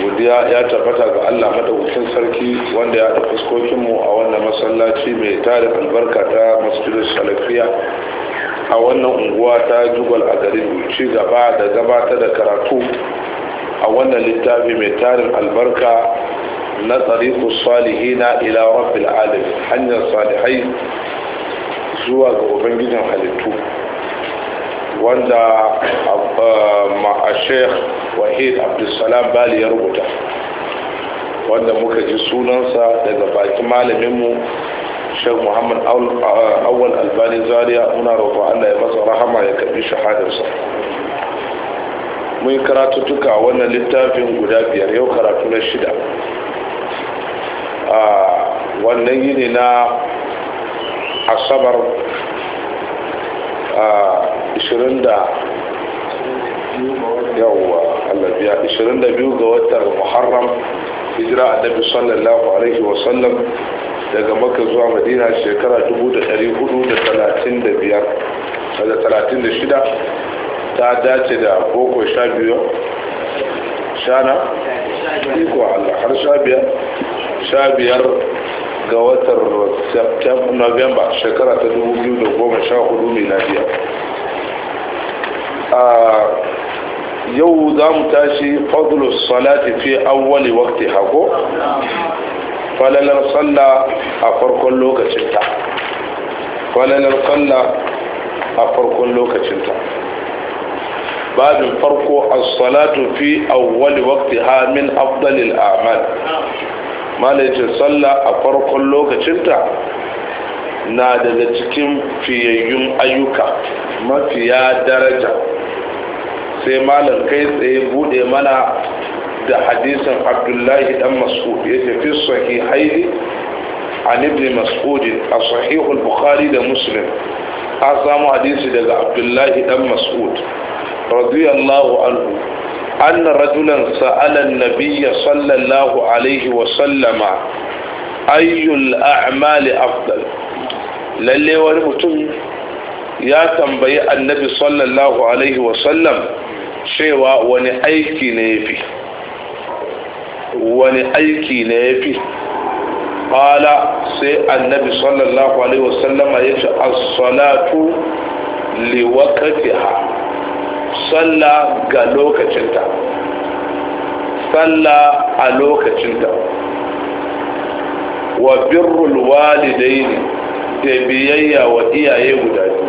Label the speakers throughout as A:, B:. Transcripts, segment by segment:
A: godiya ya tabbata ga Allah madaukakin sarki wanda ya da mu a wannan masallaci mai tarin albarka ta masjidul salafiya a wannan unguwa ta jugal a garin ci gaba da gabatar da karatu a wannan littafi mai tarin albarka na tsariku salihina ila rabbil alim hanyar salihai zuwa ga ubangijin halittu wanda eh, a sheikh wahid abdulsalam bali ya rubuta wanda muka ji sunansa daga baki malaminmu shek muhammad awal uh, albani zaria muna roƙon allah ya masa rahama ya karbi shahadarsa mun karatuttuka a wannan littafin guda biyar yau karatu na shida a wannan yini na asabar yawwa Allah 22 ga watan Muharram hijira annabi sallallahu alaihi wa sallam daga Makka zuwa Madina shekara 1435 ta dace da boko sha biyu shana iko Allah har sha biyar sha biyar ga watan Novemba shekara ta 2014 miladiya a ah, yau za mu tashi fadlus salati fi awwali waqti hako falalar sallah a farkon lokacinta falalar sallah a farkon lokacinta babin farko as-salatu fi awwali waqtiha min afdalil a'mal malaje sallah a farkon lokacinta na daga cikin fiyayyun ayyuka mafiya daraja sai malam kai tsaye bude mana da hadisin abdullahi dan mas'ud ya tafi sahihaini an ibn mas'ud a sahihul bukhari da muslim an samu hadisi daga abdullahi dan mas'ud radiyallahu anhu أن رجلا سأل Sallallahu alaihi wa sallama وسلم أي الأعمال lalle wani mutum ya tambayi annabi sallallahu alaihi wa sallam. cewa wani aiki ne ya fi wani aiki ne ya fi ƙala sai annabi sallallahu alaihi wasallama ya ce as-salatu ha salla ga lokacinta salla a lokacinta wa birrul walidaini da biyayya wa iyaye guda biyu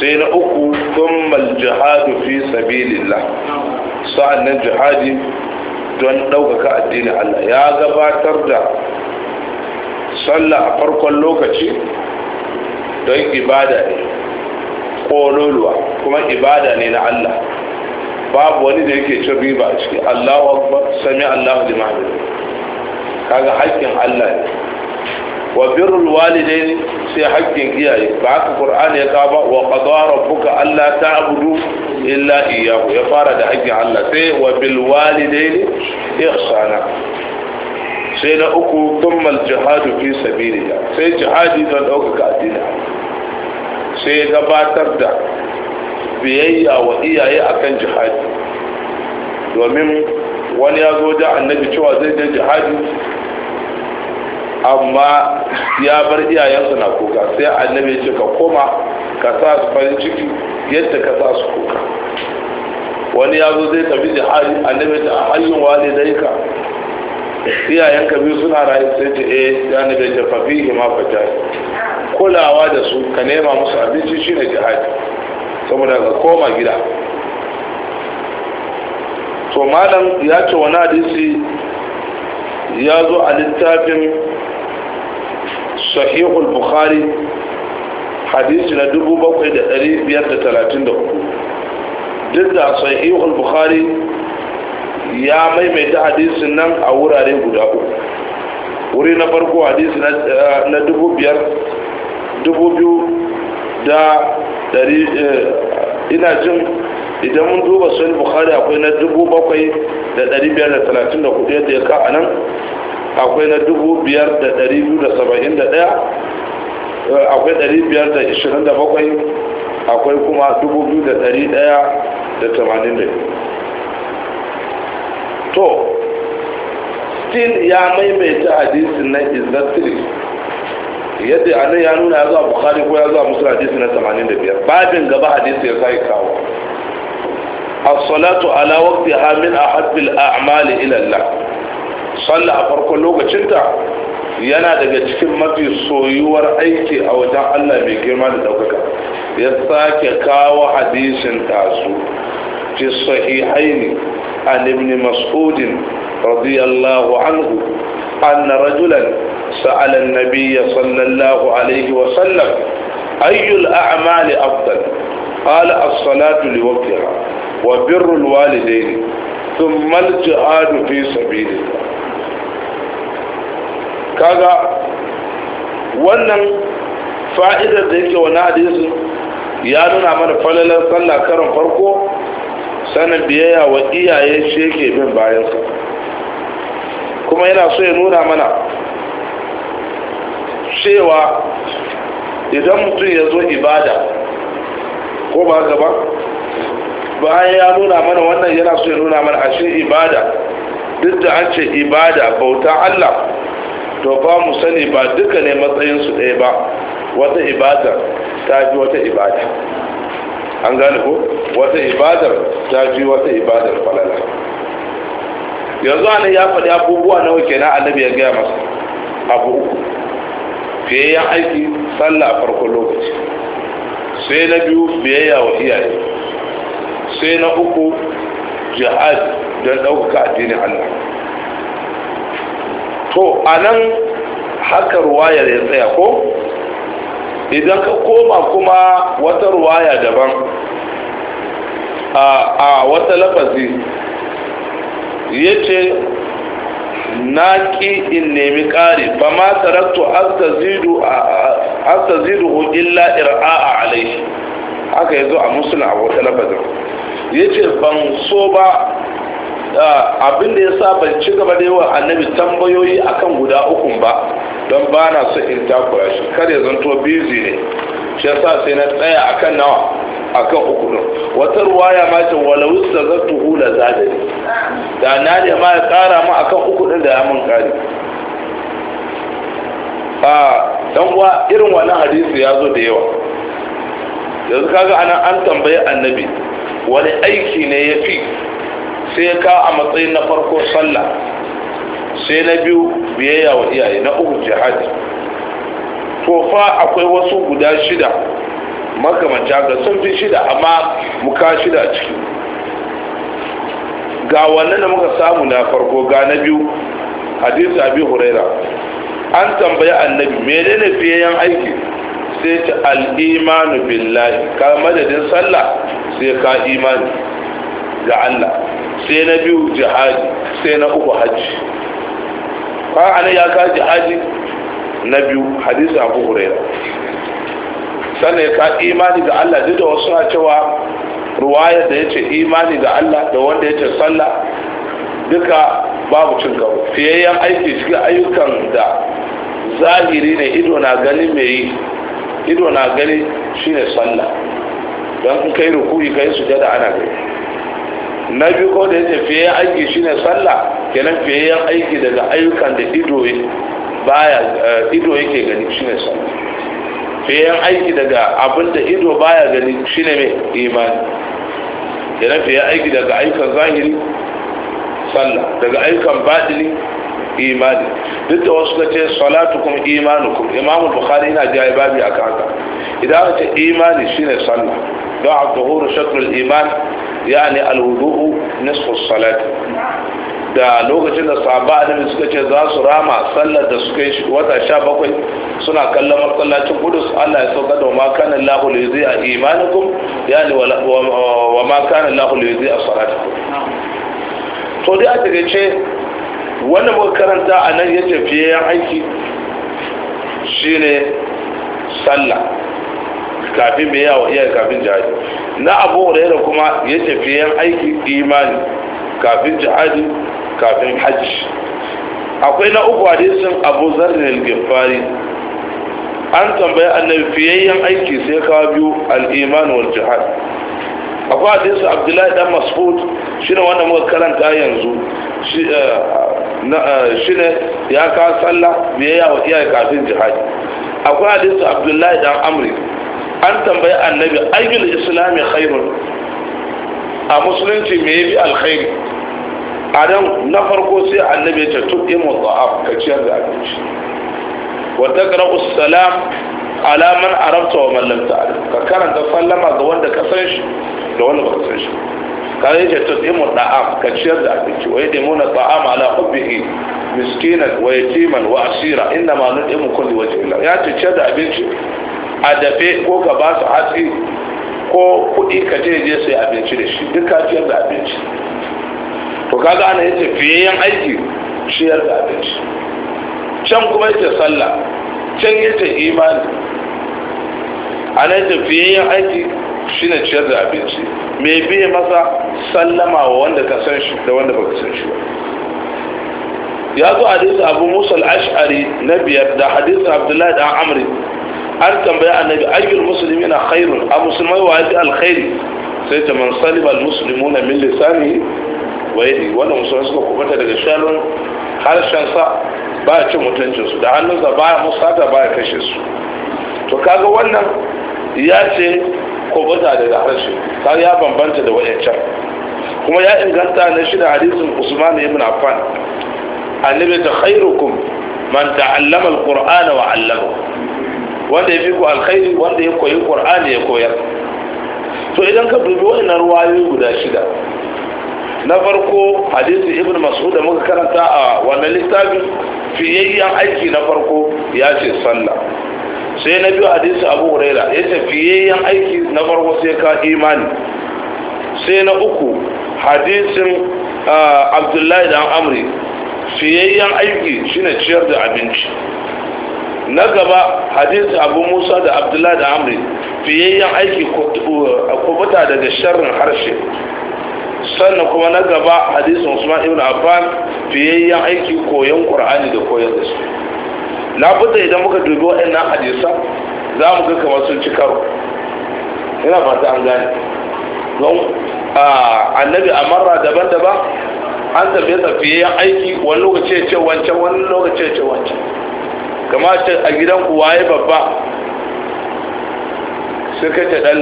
A: sai na uku thumma jihadu fi sabilillah sa'annan jihadi don ɗaukaka addinin Allah ya gabatar da sallah a farkon lokaci don ibada ne ƙololuwa kuma ibada ne na Allah babu wani da yake cin riba a ciki Allahu akbar sami Allahu liman kaga haƙƙin Allah ne wa birrul walidaini sai haƙƙin iyaye ba haka qur'ani ya kawo ba wa qada rabbuka alla ta'budu illa iyyahu ya fara da haƙƙin Allah sai wa bil walidaini ihsana sai na uku tummal jihadu fi sabilillah sai jihadi don ɗaukaka addini sai gabatar da biyayya wa iyaye akan jihadi domin wani ya zo da annabi cewa zai je jihadi amma ya bar iyayensa na kuka sai annabi ya ce ka koma ka sa su farin ciki yadda ka sa su kuka wani ya zo zai tafi da hali annabi ta halin wale dai ka iyayenka biyu suna rayu sai ce eh ya bai ta hima fata kulawa da su ka nema musu abinci shi ne jihadi saboda ka koma gida to malam ya ce wani hadisi ya zo a littafin sahihul bukhari hadisi na 7534 duk da sahihul bukhari ya maimaita hadisin nan a wurare guda uku wuri na farko hadisi na eh, dubu biyar dubu biyu da dari eh, ina jin idan mun duba sun bukari akwai na dubu bakwai da dari biyar da talatin da kudu yadda ya ka a nan akwai na dubu biyar da dari biyu da saba'in da ɗaya eh, akwai dari biyar da ishirin da bakwai akwai kuma dubu biyu da dari ɗaya da tamanin da to still ya maimaita hadisin na izzatul yadda anan ya nuna ya zuwa bukhari ko ya zuwa musul hadisi na 85 babin gaba hadisi ya sai kawo A salatu ala wakti min a a'mali ila Allah sallah a farkon lokacinta yana daga cikin mafi soyuwar aiki a wajen Allah mai girma da daukaka ya sake kawo hadisin tasu fi sahihaini an ibn Mas'udin radiyallahu anhu anna rajulan سأل النبي صلى الله عليه وسلم أي الأعمال أفضل قال الصلاة لوقتها وبر الوالدين ثم الجهاد في سبيل الله kaga wannan fa'idar da yake wani hadisi ya nuna mana falalar sallah karin farko sanin biyayya wa iyaye shi yake bin bayansa kuma yana so ya nuna mana cewa idan mutum ya zo ibada ko ba gaba bayan ya nuna mana wannan yana so ya nuna mana ashe ibada duk da an ce ibada bauta Allah to ba mu sani ba duka ne matsayinsu ɗaya ba wata ibadar ta fi wata ibada an gane ko wata ibadar ta fi wata ibadar falala yanzu ana ya faɗi abubuwa nawa kenan annabi ya gaya masa abu uku fiyayyen aiki sallah a farkon lokaci sai na biyu biyayya wa iyaye sai na uku jihad don ɗaukaka addinin allah to a nan haka da ya tsaya ko idan ka koma kuma wata ruwaya daban a wata lafazi ya ce na ki in nemi ƙari ba ma taraktu asta zidu illa ir'a'a alaihi haka yazo a musulun a wata lafazin ya ce ban so ba Ah, abin da ya sa ban ci gaba da yawa annabi tambayoyi akan guda ukun ba don ba na so in takura shi kar ya zanto bizi ne shi sa sai na tsaya akan nawa akan uku ɗin wata ya mace ce walau sazatuhu la zadani da na ne ma ya kara mu akan uku ɗin da ya mun ƙari. a ah, dan wa irin wannan hadisi ya zo da yawa yanzu kaga anan an tambaye annabi wani aiki ne ya fi sai ka a matsayin na farko sallah sai na biyu biyayya wa iyaye na uku jihadi to fa akwai wasu guda shida makamanta ga sun fi shida amma muka shida a ciki ga wannan da muka samu na farko ga na biyu hadisi abi huraira an tambayi annabi menene fiyayen aiki sai ta al'imanu billahi ka madadin sallah sai ka imani ga Allah sai na biyu jihadi sai na uku hajji ba ya ka jihadi na biyu hadisi abu huraira sannan ka imani da allah duk da wasu na cewa ruwayar da ya ce imani da allah da wanda ya ce sallah duka babu cin karo fiyayyen aiki cikin ayyukan da zahiri ne ido na gani mai yi ido na gani shine sallah don in kai rukuyi kai sujada ana gani na biyu ko da yace fiye aiki shine sallah kenan fiye aiki daga ayyukan da ido baya eh, ido yake gani shine sallah fiye aiki daga abin da ido baya gani shine mai imani kenan fiye aiki daga ayyukan zahiri sallah daga ayyukan batini imani duk da wasu kace salatukum imanukum imamu bukhari yana jaye babi akan haka idan aka ce imani shine sallah don a tuhuru shakrul iman yani alwudu nisfu salati da lokacin da sahaba annabi suka ce za su rama sallar da suka yi wata sha bakwai suna kallon masallacin kudus Allah ya sauka da ma kana lahu lizi a imanikum yani wa ma kana lahu lizi a salatikum to dai a ce wannan muka karanta a nan ya tafiye yan aiki shine sallah kafin mai yawo iya kafin jihadi na abu da kuma ya tafi yan aiki imani kafin jihadi kafin hajji akwai na uku hadisin abu zarrin gifari an tambaye annabi fiyayyen aiki sai kawo biyu al-iman wal jihad akwai hadisi abdullahi dan mas'ud shine wanda muka karanta yanzu shi eh, eh, ne ya kawo sallah biyayya wa iyaye kafin jihadi akwai hadisi abdullahi dan amri an tambayi annabi ayyul islami khairun a musulunci me yafi alkhairi a nan na farko sai annabi ya ce tuqimu dha'af ka ciyar da abinci wa taqra'u salam alaman arabta wa mallam ta'arif ka karanta sallama ga wanda ka san shi da wanda ba ka san shi ka yi ce tudimu da'am ka ciyar da abinci wa yadimuna ta'am ala hubbihi miskinan wa yatiman wa asira inna ma mu kulli wajhi illa ya ce ciyar da abinci a dafe ko ka ba su hatsi ko kuɗi ka je je sai abinci da shi duk ka ciyar da abinci to kaga ana yace fiyayyen aiki ciyar da abinci can kuma yace sallah can yace imani anan tafiyayyen aiki shi shine ciyar da abinci mai biye masa sallama wa wanda ka san shi da wanda baka san shi ba ya zo hadisi abu musa al-ash'ari na biyar da hadisi abdullahi da amri an tambaya annabi ayyul na khairun a musulmai wa yafi alkhairi sai ta man saliba almuslimuna min lisanihi wa yadi wannan musulmai suka kubata daga shalon harshen sa ba ya cin mutuncinsu da hannunsa ba ya musata ba ya kashe su to kaga wannan ya ce kubuta daga harshe ta ya bambanta da wayancan kuma ya inganta na shida hadisin usman ibn affan annabi ta khairukum man ta'allama alqur'ana wa 'allama wanda ya fi ku alkhairi wanda ya koyi qur'ani ya koyar to idan ka dubi wannan ruwayoyi guda shida na farko hadisi ibn mas'ud da muka karanta a wannan littafin fiyayyen aiki na farko ya ce sallah sai na biyu hadisi abu huraira ya ce fiyayyen aiki na farko sai ka imani sai na uku hadisin abdullahi dan amri fiyayyen aiki shine ciyar da abinci na gaba hadisi abu musa da abdullahi da amri fiyayyen aiki kubuta daga sharrin harshe sannan kuma na gaba hadisin usman ibn affan fiyayyen aiki koyon qur'ani da koyon da su labudda idan muka dubi waɗannan hadisan za mu ga kamar sun ci karo ina fata an gane don annabi a marra daban-daban an tafiye tafiyen aiki wani lokaci ya ce wancan wani lokaci ya ce wancan kama a gidan kuwa ya babba sai kai ta ɗan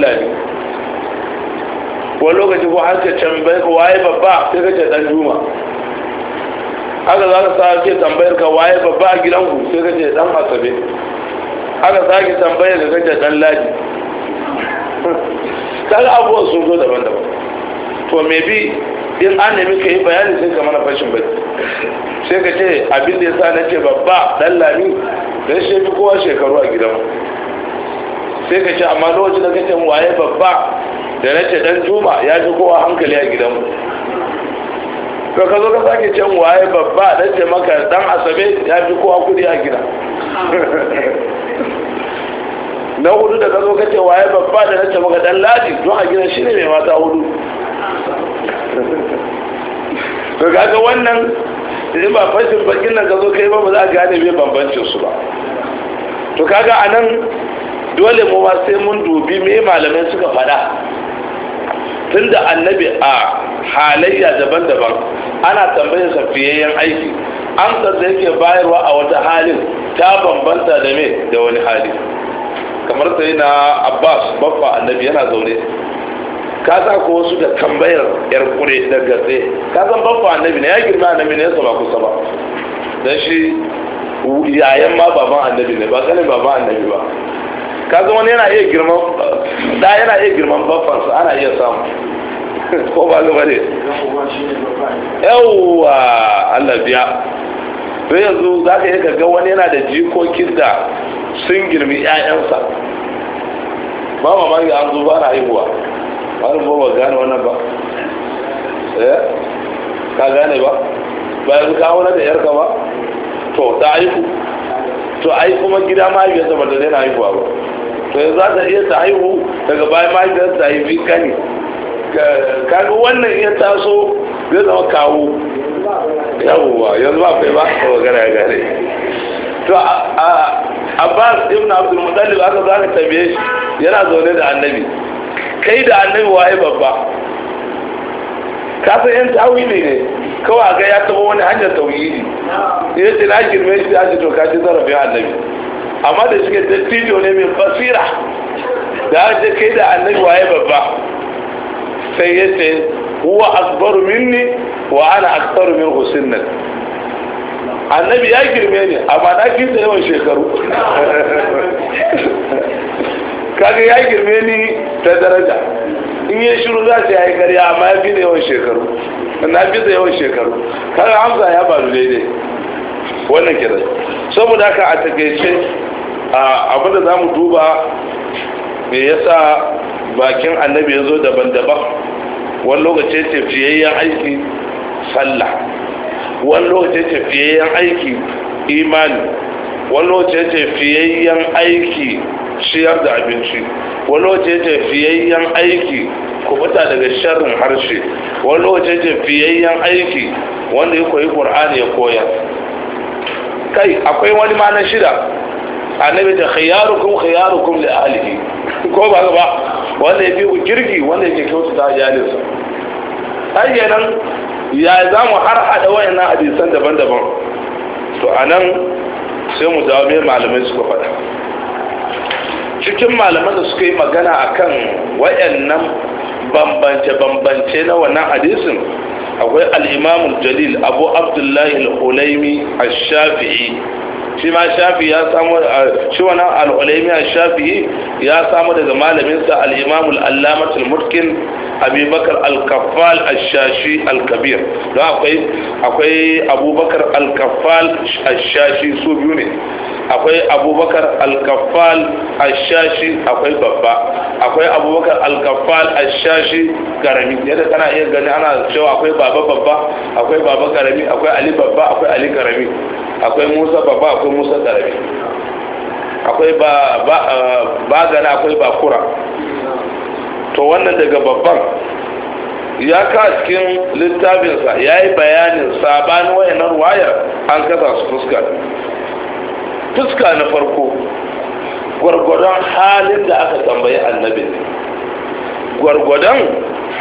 A: wani lokaci ko har ka tambayar ka waye babba sai ka dan juma haka za ka sa ke tambayar ka waye babba a gidanku sai ka dan asabe haka za ki tambayar ka kace dan ladi kaga abubuwan sun zo daban-daban to me bi in an nemi ka yi bayani sai ka mana fashin bai sai ka ce abin da ya sa na ce babba dan lami dan shi fi kowa shekaru a gidanmu sai ka ce amma lokacin da kace waye babba da na ce dan juma ya ji kowa hankali a gidanmu to ka zo ka sake ce waye babba dan ce maka dan asabe ya fi kowa kudi a gida na hudu da ka zo ka ce waye babba da na ce maka dan ladi don a gidan ne mai mata hudu to kaga wannan in ba fashin bakin nan ka zo kai ba ba za a gane bai bambancin su ba to kaga anan dole mu ba sai mun dubi me malamai suka faɗa tunda annabi a halayya daban-daban ana tambayar sa fiyayyen aiki amsar da yake bayarwa a wata halin ta bambanta da me da wani hali kamar sai na abbas babba annabi yana zaune ka sa ko wasu da tambayar yar kure da gatse ka san babba annabi ne ya girma annabi ne ya saba kusa ba dan shi yayan ma baban annabi ne ba kanin baban annabi ba kaga wani yana iya girman da yana iya girman su ana iya samu ko ba zuba ne yawwa allah biya sai yanzu za ka iya gaggawa wani yana da jikokin da sun girmi 'ya'yansa ba mamaki an zo ba na haihuwa ba ba ba gane wannan ba eh ka gane ba ba yanzu ka wani da yarka ba to ta haihu to ai kuma gida ma yanzu ba zai na haihuwa ba to yanzu za ta iya ta haihu daga bayan mahaifiyar ta haifi kani kaga wannan iya taso zai zama kawo yawwa yanzu ba bai ba a wagara ya gare, to abbas ibn abdul mutallib aka zaka ka shi yana zaune da annabi kai da annabi waye babba ka san yan tawi ne kawai ga ya taba wani hanyar tauhidi ya ce na girme shi ya ce to ka ci zarafin annabi amma da suke dattijo ne mai basira da ake kai da annabi waye babba sai ya ce huwa akbaru minni wa ana akbaru min husnan annabi ya girme ne amma na kinta yawan shekaru kaga ya girme ni ta daraja in yi shiru za su yi karya amma ya fi da yawan shekaru na fi da yawan shekaru kaga hamza ya faru daidai wannan kira saboda ka a takaice abin da za mu duba me yasa bakin annabi ya zo daban-daban wani lokaci tafiyayyen aiki sallah wani lokaci tafiyayyen aiki imani wani lokaci tafiyayyen aiki ciyar da abinci wani lokaci tafiyayyen aiki kubuta daga sharrin harshe wani lokaci tafiyayyen aiki wanda ya koyi ƙur'ani ya koya kai akwai wani ma shida annabi ta khayarukum khayarukum li ahlihi ko ba ba wanda ya fi ku kirki wanda yake kyautu ta iyalinsa ai kenan ya za mu har hada wayannan hadisan daban-daban to anan sai mu dawo mai malamai suka faɗa cikin malaman da suka yi magana akan wayannan bambance-bambance na wannan hadisin akwai al'imamul jalil abu abdullahi al'ulaimi a shafi'i shi ma shafi ya samu shi wannan al'ulaimi a shafi'i ya samu daga malaminsa al'imamul allamatul mutkin abubakar al-kaffal al-shashi al-kabir don akwai akwai abubakar al-kaffal al-shashi su biyu ne akwai abubakar al-kaffal al-shashi akwai babba akwai abubakar al-kaffal al-shashi karami yadda kana iya gani ana cewa akwai baba babba akwai baba karami akwai ali babba akwai ali karami akwai musa babba akwai musa karami akwai ba eh, gana akwai ba kura to wannan daga babban ya ka cikin littafinsa ya yi bayanin sabani wayanar wayar an kasa su fuska fuska na farko gwargwadon halin da aka tambayi annabin gwargwadon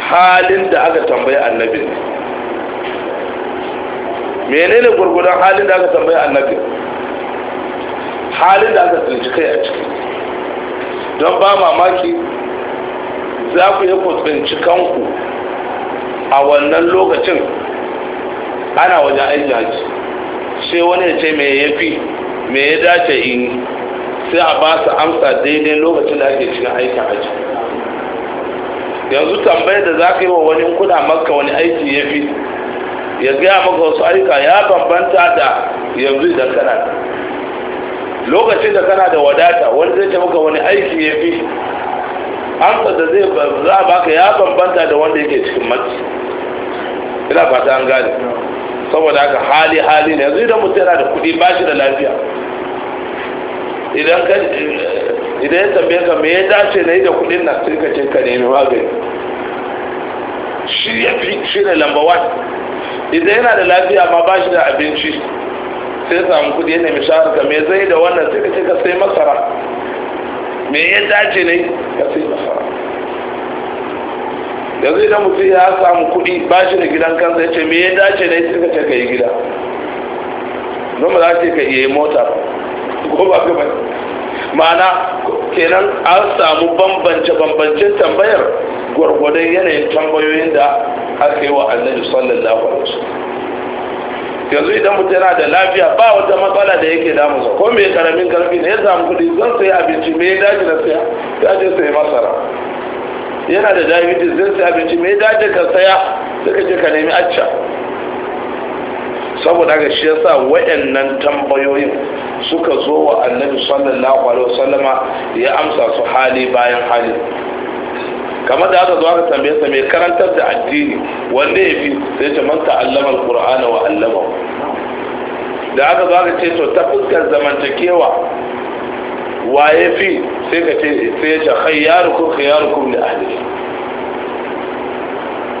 A: halin da aka tambayi annabin menene gurgudan halin da aka tambayi annabi halin da aka tsinci kai a ciki don ba mamaki za ku yi ku tsinci kanku a wannan lokacin ana wajen aiki haji sai wani ya ce mai ya fi mai ya dace in sai a ba su amsa daidai lokacin da ake cikin aikin haji yanzu tambayar da za ka yi wa wani kuna maka wani aiki ya fi ya gaya maka wasu ayyuka ya bambanta da yanzu idan kana da lokacin da kana da wadata wani zai ce maka wani aiki ya fi amsa da zai za a baka ya bambanta da wanda yake cikin matsi ina fata an gane saboda haka hali hali ne yanzu idan mutum yana da kuɗi ba shi da lafiya idan kan idan ya tambaye ka me ya dace na yi da kuɗin na sai ka ce ka nemi magani shi ya fi shi ne lamba idan yana da lafiya ma ba shi da abinci sai samu kudi ya nemi ka me zai da wannan sai ka ce ka sai masara me ya dace ne ka sai masara da zai da mutum ya samu kudi ba shi da gidan kansa ya ce me ya dace ne sai ka ce ka yi gida don ba za ka yi mota ko ba ka bai ma'ana kenan an samu bambance-bambancen tambayar gwargwadon yanayin tambayoyin da aka yi wa annabi sallallahu alaihi wasallam yanzu idan mutum yana da lafiya ba wata matsala da yake damunsa ko mai karamin karfi ne ya samu kuɗi zan sayi abinci me ya dace na saya ya je sayi masara yana da diabetes zan sayi abinci me ya dace ka saya sai ka je ka nemi acca saboda ga shi yasa waɗannan tambayoyin suka zo wa annabi sallallahu alaihi wasallama ya amsa su hali bayan hali kamar da aka zo aka tambaye sa mai karantar da addini wanda ya fi sai ta manta allamar alqur'ana wa allama da aka zo aka ce to ta fuskar zamantakewa waye fi sai ka ce sai ya ce khayyarukum khayyarukum li ahli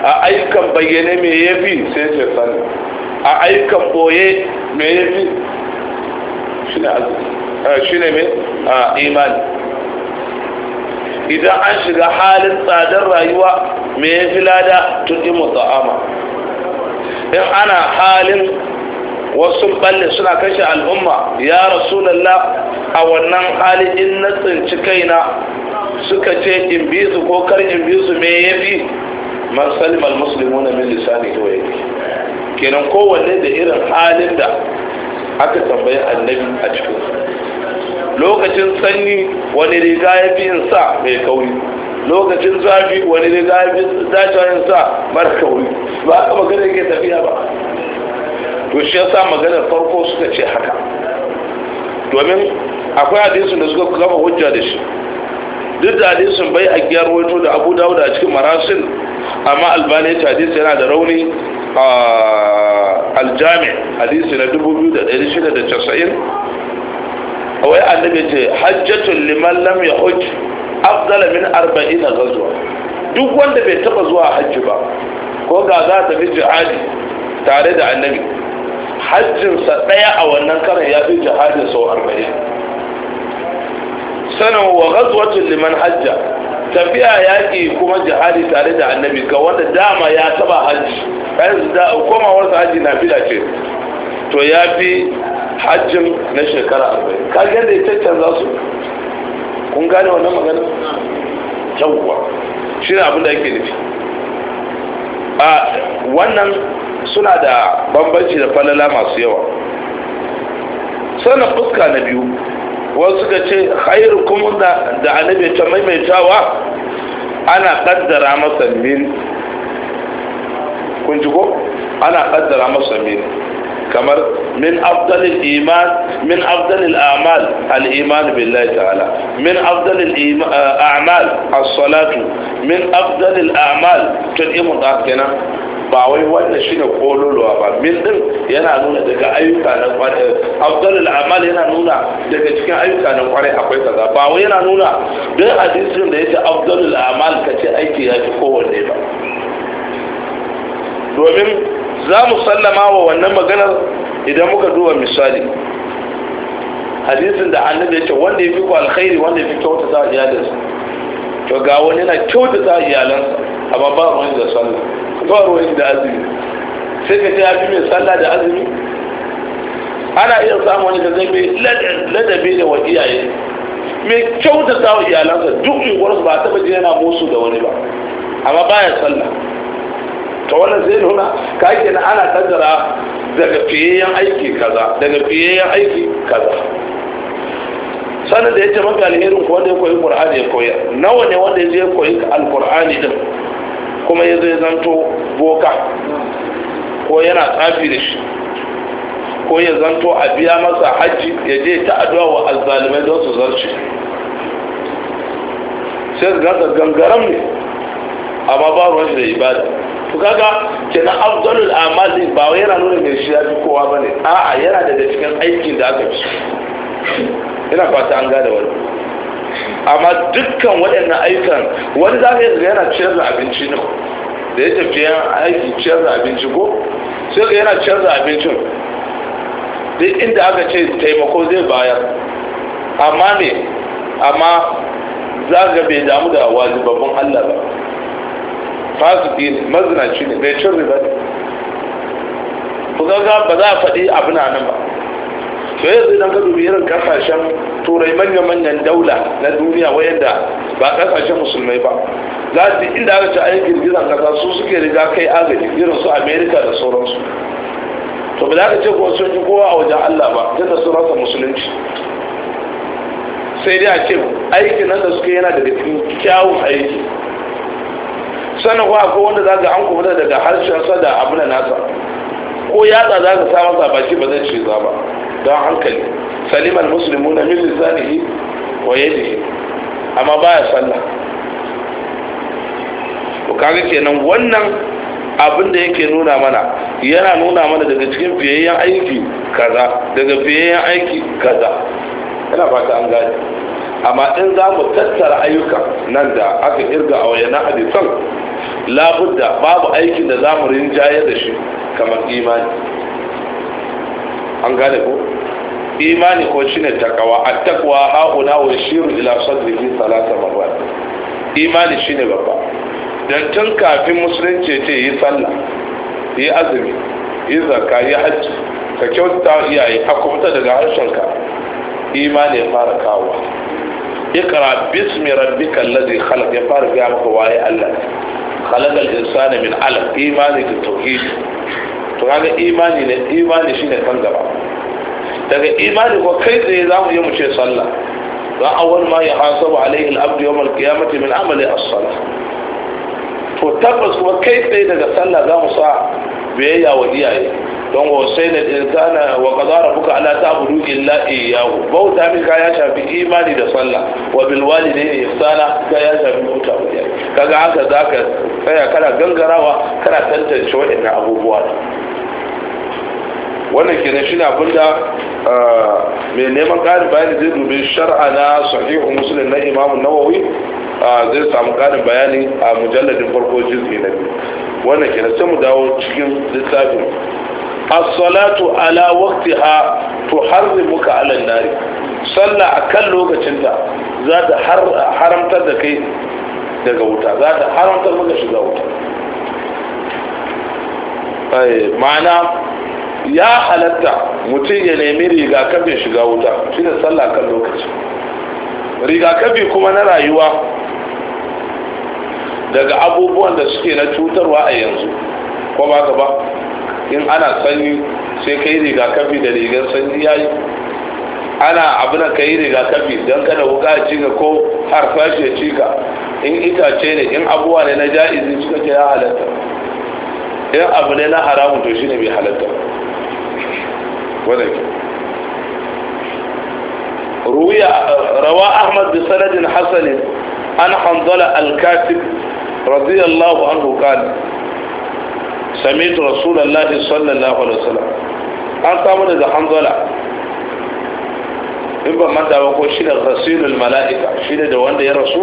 A: a aikan bayyane me ya fi sai ce sani a ayyukan boye me ya fi shi ne eh, imani idan an shiga halin tsadar rayuwa me ya fi lada tun yi mutu'ama in ana halin wasu balle suna kashe al'umma ya lalla, a wannan hali in na tsinci kaina suka ce in bi su ko kar in bi su me ya fi man Musulmi al-muslimu na min lisani kenan kowanne da irin halin da aka tambayi annabi a cikin lokacin sanyi wani riga ya fi yin sa mai kauri lokacin zafi wani riga ya fi dacewa yin sa mara kauri ba aka magana ke tafiya ba to shi yasa maganar farko suka ce haka domin akwai hadisin da suka kama hujja da shi duk da hadisin bai a gyar wato da abu dawuda a cikin marasin amma albani ta ce hadisi yana da rauni a aljami hadisi na 2690 a wai annabi ce hajjatun liman lam ya hujj afdala min arba'in a gazuwa duk wanda bai taba zuwa hajji ba ko ga za ta fi jihadi tare da annabi hajjinsa ɗaya a wannan karan ya fi jihadin sau arba'in sanin wa gazuwatun liman hajja tafiya yaƙi kuma jihadi tare da annabi ga wanda dama ya taba hajji wasu hajji na fi ce to ya fi hajjin na shekara arba'in ka ga da ita canza su kun gane wannan magana yawwa shi ne abin da yake nufi a wannan suna da bambanci da falala masu yawa sannan fuska na biyu wasu suka ce khairu kuma da da annabi ta maimaitawa ana kaddara masa min kun ji ko ana kaddara masa min kamar min afdalil iman min afdalil a'mal al-iman billahi ta'ala min afdalil a'mal as-salatu min afdalil a'mal tad'imu kenan ba wai wannan shine kololuwa ba min din yana nuna daga ayyuka na kware afdalul amal yana nuna daga cikin ayyuka na kware akwai kaza ba wai yana nuna duk hadisin da yake afdalul amal kace aiki ya fi kowanne ba domin za mu sallama wa wannan maganar idan muka duba misali hadisin da annabi ce wanda ya fi ku alkhairi wanda ya fi kyautata iyalinsa to ga wani na kyautata iyalansa amma ba ruwan da sallah ba ruwan da azumi sai ka ce ya fi mai sallah da azumi ana iya samun wani da zai mai ladabi da wa iyaye mai kyautata wa iyalansa duk unguwarsu ba taɓa ji yana musu da wani ba amma ya sallah ta wannan zai nuna ka ake na ana tattara daga fiye aiki kaza daga aiki kaza sanin da ya ce maka alherin ko wanda ya koyi qur'ani ya koya nawa ne wanda ya je koyi alqur'ani din kuma ya zai ya zanto boka ko yana tsafi da shi ko ya zanto a biya masa hajji ya je ta addu'a wa alzalimai don su zarce sai ga ga gangaram ne amma ba ruwan shi da ibada to kaga kenan afdalul amali ba wai yana nuna mai shi ya fi kowa bane a'a yana da cikin aikin da aka fi ina fata an gada wani amma dukkan waɗannan aikan wani za ka yi yana ciyar da abinci ne da ya yan aiki ciyar da abinci ko sai ka yana ciyar da abincin duk inda aka ce taimako zai bayar amma ne amma za ka bai damu da babban allah ba fasiki ne mazinaci ne bai cin riba ne ku ga ba za a faɗi abu na nan ba to yanzu idan ka dubi irin kasashen turai manya-manyan daula na duniya wayanda ba kasashen musulmai ba za su inda aka ci ayyukan girgizan kasa su suke riga kai agaji irin su Amerika da sauransu to ba za ka ce ko sun ji kowa a wajen allah ba ta sun rasa musulunci sai dai a ce aikin nan da suke yana da cikin kyawun aiki sannan ko akwai wanda za ga an kuma daga harshensa da abu na nasa ko yatsa za ka sa masa baki ba zai ce za ba don hankali saliman musulmi na min lisanihi wa yadihi amma baya sallah ko kaga kenan wannan abin da yake nuna mana yana nuna mana daga cikin fiyayyen aiki kaza daga fiyayyen aiki kaza yana fata an gane amma in za mu tattara ayyuka nan da aka kirga a wayannan hadisan labudda babu aikin da za mu rinjayar da shi kamar imani an gane ko imani ko shi ne takawa a takwa hauna wa shiru ila sadrihi salata marrat imani shi ne babba dan tun kafin musulunci ce yi sallah yi azumi yi zarka yi hajji ka kyauta iyaye a kuma daga harshenka imani ya fara kawowa ikra bismi rabbika allazi khalaq ya fara ga maka waye Allah خلق الانسان من علق ايماني da tauhid to kaga imani ne imani shine kan gaba daga imani ko kai tsaye za yi mu ce sallah don awal ma ya hasabu alaihi al-abdu yawm al min amali to tabbas kuma kai daga sallah zamu sa biyayya wa iyaye don wasai da ilkana wa kazara buka ala ta'budu illa iyyahu bauta min ka ya shafi imani da sallah wa bil walidayni ihsana ka ya shafi bauta wa kaga haka zaka tsaya kana gangarawa kana tantance waɗannan abubuwa wannan kenan shi ne abinda ah, mai neman ƙarin bayani zai dubi shar'a na sahihu muslim na imamun nawawi ah, zai samu ƙarin bayani a mujalladin farko jirgi na biyu wannan kenan sai mu dawo cikin littafin as-salatu ala waqtiha tuharrimuka ala an-nar sallah akan lokacinta za ta haramtar da kai daga wuta za ta haramtar maka shiga wuta ma'ana ya halatta mutum ya nemi rigakafin shiga wuta shi da sallah kan lokaci rigakafi kuma na rayuwa daga abubuwan da suke na cutarwa a yanzu ko ba ka ba in ana sanyi sai ka yi rigakafi da rigar sanyi ya yi ana abu na ka yi rigakafi don kada wuka ci ga ko har ya ci in itace ne in abuwa ne na ja'izi suka ke ya halatta in abu ne na haramun to shi ne bai halatta wadda rawa ahmad أحمد بسند حسن an حنظلة al-katib radiyallahu anhu قال samitu rasulullahi sallallahu alaihi wasallam an samu daga hanzala in ba manta ko shi ne rasilul mala'ika shi da wanda ya rasu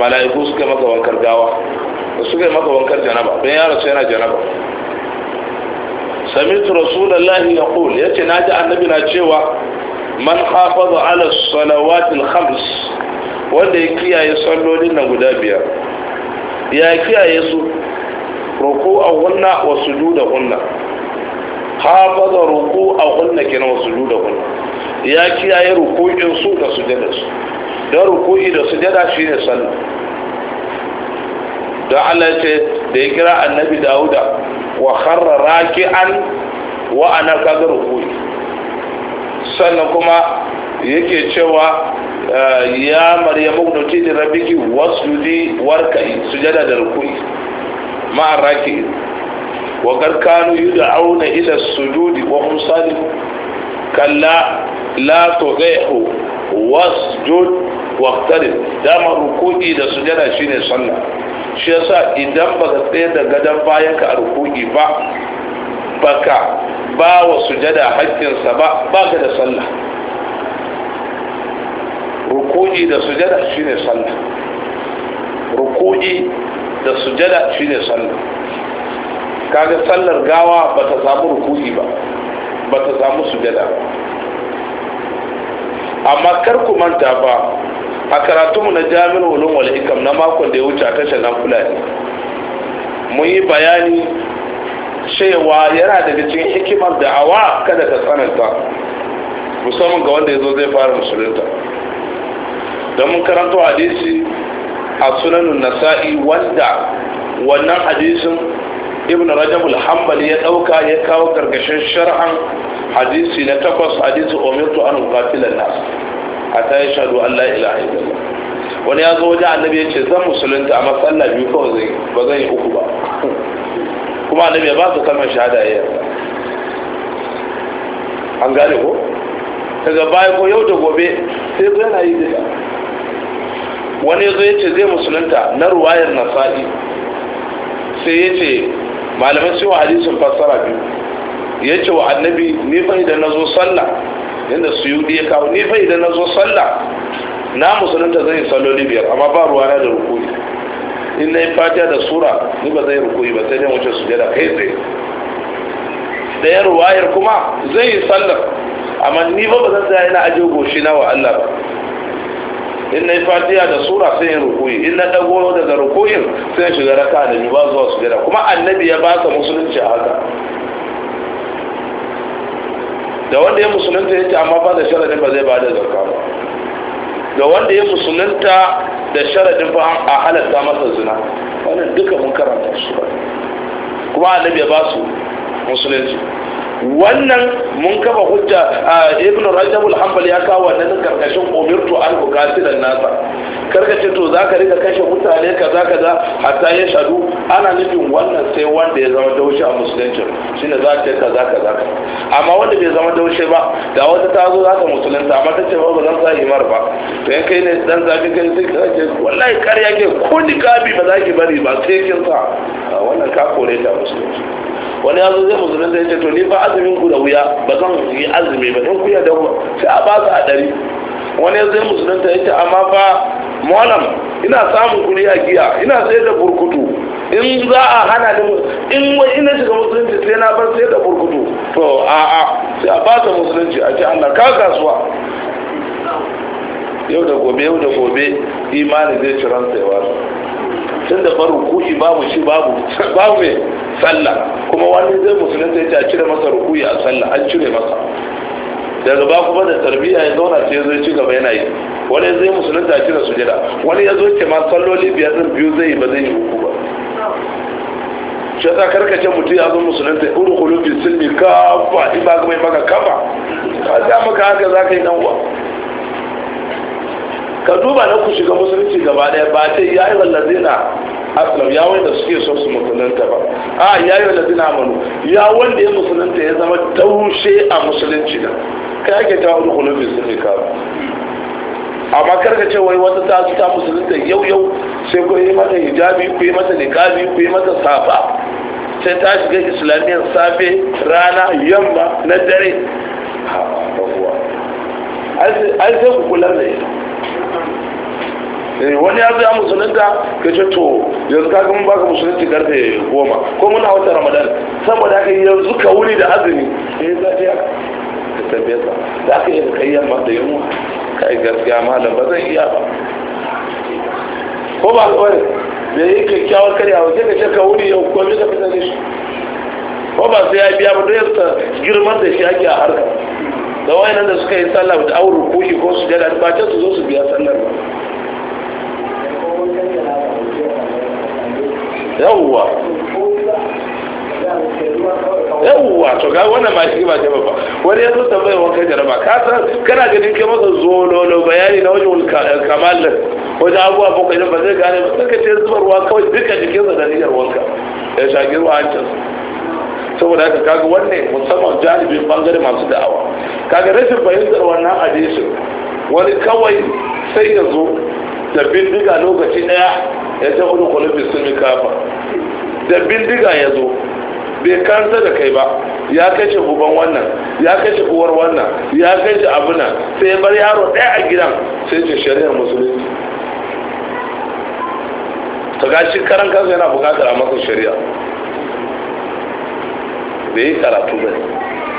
A: mala'iku suka maka wankar gawa suka maka wankar janaba don ya rasu yana janaba samitu rasulullahi yaqul yace naji annabi na cewa man hafaza ala salawatil khams wanda ya kiyaye sallolin nan guda biyar ya kiyaye su wasu ruku'ahunna wa sujudahunna hafaza ruku'ahunna kenan wa sujudahunna ya kiyaye ruku'in su da sujada su da ruku'i da sujada shine sallah don Allah ce da ya kira annabi Dawuda wa kharra raki'an wa ana kaga ruku'i sannan kuma yake cewa ya maryamu nuti da rabiki wasu wasjudi warka'i sujada da ruku'i ma'ar raki'in wa karkanu yi da auna ila sujudi wa hum salihu kalla la tughayhu wa waqtarib dama ruku'i da sujada ne sallah shi ya sa idan ba ka tsaye da gadon bayan ka ruku'i ba ka ba wa sujada haƙƙinsa ba baka da sallah ruku'i da sujada ne sallah ruku'i da sujada shine sallar kaga sallar gawa ba ta samu ruku'i ba ba ta samu sujada ba amma kar ku manta ba a karatunmu na jami'ar ulum wal hikam na makon da ya wuce a tashar na fulani mun yi bayani cewa yana da cikin hikimar da awa kada ta tsananta musamman ga wanda ya zo zai fara musulunta don mun karanta hadisi a sunanun nasa'i wanda wannan hadisin ibn rajab al ya dauka ya kawo gargashin shar'an hadisi na takwas hadisi umirtu an uqatila nas hatta yashhadu an la ilaha illallah wani ya zo wajen annabi ya ce zan musulunta amma sallah biyu kawai zai ba zan yi uku ba kuma annabi ya ba su kalmar shahada ya an gane ko daga baya ko yau da gobe sai zai yana yi bid'a wani zo ya ce zai musulunta na ruwayar nasa'i sai ya ce malamai sai wa hadisin fassara biyu ya ce wa annabi ni fa idan na zo sallah yadda su yi ya kawo ni fa idan na zo sallah na musulunta zai salloli biyar amma ba ruwa na da rukuni in na yi fatiha da sura ni ba zai rukuni ba sai dai wuce su jada kai tsaye ɗaya ruwayar kuma zai yi sallar amma ni ba ba zan tsaya ina ajiye goshi na wa Allah ba in na yi fatiya da sura sai yin rukuyi in na dago daga rukuyin sai shiga raka da biyu ba zuwa gida kuma annabi ya baka musulunci a haka da wanda ya musulunta ya ce amma ba da sharadin ba zai ba da zakka ba da wanda ya musulunta da sharadin ba a halatta masa zina wannan duka mun karanta su kuma annabi ya ba su musulunci wannan mun kafa hujja ibn rajab al-hanbali ya kawo wannan karkashin umirtu an qatilan nasa karkace to zaka rika kashe mutane kaza kaza hatta ya shadu ana nufin wannan sai wanda ya zama daushe a musulunci shine za ta kaza kaza amma wanda bai zama daushe ba da wata ta zo za musulunta amma ta ce ba zan sa himar ba to yan kai ne dan zafi kai sai ka ce wallahi kariya ke ko ni kabi ba za ki bari ba sai kin sa wannan ka kore ta musulunci wani ya zo zai musulun zai ce to ni ba azumin ku da wuya ba zan yi azumi ba in ku ya dawo sai a ba su a ɗari wani ya zai musulun ta yace amma fa malam ina samun kuɗi a giya ina sayar da burkutu in za a hana ni in wai ina shiga musulunci sai na bar sai da burkutu to a a sai a ba ta musulunci a ce Allah ka kasuwa yau da gobe yau da gobe imani zai ci ransa ya wasu tun da barin kushi babu shi babu babu mai sallah kuma wani zai musulun zai ce a cire masa rukuyi a sallah an cire masa daga ba kuma da tarbiyya ya zauna sai zai ci gaba yana yi wani zai musulun a cire sujada wani ya zo ce ma salloli biyar din biyu zai yi ba zai yi uku ba shi yasa karkace mutum ya zo zai uru kulubin silmi kafa in ba ka mai maka kafa a da ka haka za ka yi dan uwa ka duba na ku shiga musulunci gaba daya ba ce ya yi na aslam ya wanda suke so su musulunta ba a ya yi na amanu ya wanda ya musulunta ya zama taushe a musulunci da kai ake ta wani kulubi su ne kawo amma karka ce wai wata ta ta musulunta yau yau sai ku yi mata hijabi ku yi mata niqabi ku yi mata safa sai ta shiga islamiyyar safe rana yamma na dare ai sai ku kula da ita Eh, wani ya zai musulunta ka ce to yanzu ka gama baka musulunci karfe goma ko muna wata ramadan saboda yi yanzu ka wuni da azumi ya eh, yi zafiya ka tabbiyar sa za ka yi kayyar da yunwa ka yi gaskiya malam ba zan iya ba ko ba ka wani da yi kyakkyawar wa sai ka ce ka wuni yau ko me ka fita da shi ko ba sai ya biya ba don ta girman da shi ake a harkar da wani da suka yi sallah da auru ko shi ko su jada ba ta su zo su biya sallar ba yawwa yawwa to ga wannan ma shi ba jaba ba wani yanzu tambayar wanka jaraba ka san kana ganin kai masa zololo bayani na wajen kamal din wajen abubuwa bakwai ba zai gane ba sai ka ce zubarwa kawai duka jikinsa da niyyar wanka ya shagirwa hancinsa saboda haka kaga wannan musamman jalibin bangare masu da'awa kaga rashin fahimtar wannan hadisi wani kawai sai ya zo da bindiga lokaci daya ya ce wani kulubi sun kafa da bindiga ya zo bai kanta da kai ba ya kashe buban wannan ya kashe uwar wannan ya kashe abunan sai ya bar yaro ɗaya a gidan sai ce shari'ar musulunci ta gashi karan kansa yana bukatar a masa shari'a bai yi karatu ba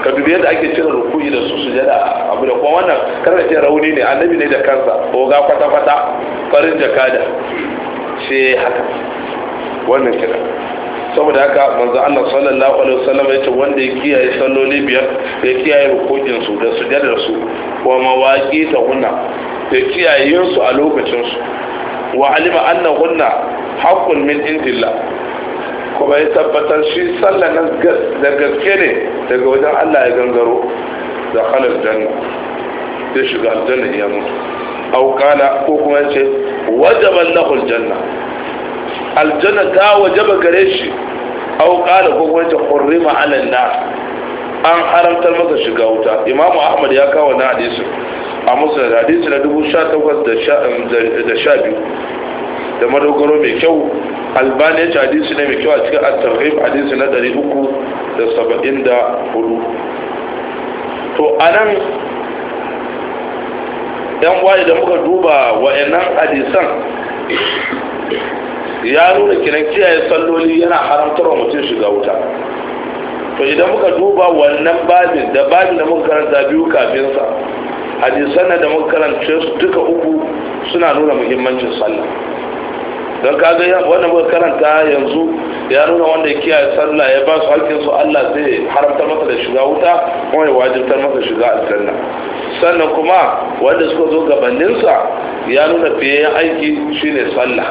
A: ka dubi yadda ake cire ruku'i da su sujada abu da kuma wannan kar ce rauni ne annabi ne da kansa ko ga kwata kwata farin jakada ce haka wannan kira saboda haka manzo Allah sallallahu alaihi wasallam yace wanda ya kiyaye salloli biyar ya kiyaye rukujin su da sujada su kuma mawaki ta huna ya kiyaye su a lokacin su wa alima anna hunna haqqun min indillah kuma ya tabbatar shi sallah nan gaske ne daga wajen Allah ya gangaro da halar janna ya shiga aljanna ya mutu au kana ko kuma ya ce wajaban lahul janna aljanna ta wajaba gare shi au kana ko kuma ya ce hurrima ala na. an haramtar masa shiga wuta imamu ahmad ya kawo na hadisi a musulun hadisi na dubu sha takwas da sha biyu da madogaro mai kyau albani ya ci hadisi ne mai kyau a cikin al-tarhib hadisi na 374 to anan yan waye da muka duba wa'annan hadisan ya nuna kinan kiyaye salloli yana haramtar mutum shiga wuta to idan muka duba wannan babin da babin da muka karanta biyu kafin sa hadisan da muka karanta su duka uku suna nuna muhimmancin sallah don kaga wanda muka karanta yanzu ya nuna wanda ya kiyaye sallah ya ba su hakkin su Allah zai haramta masa da shiga wuta kuma ya wajibtar masa shiga aljanna sannan kuma wanda suka zo gabanin sa ya nuna fiye aiki shine sallah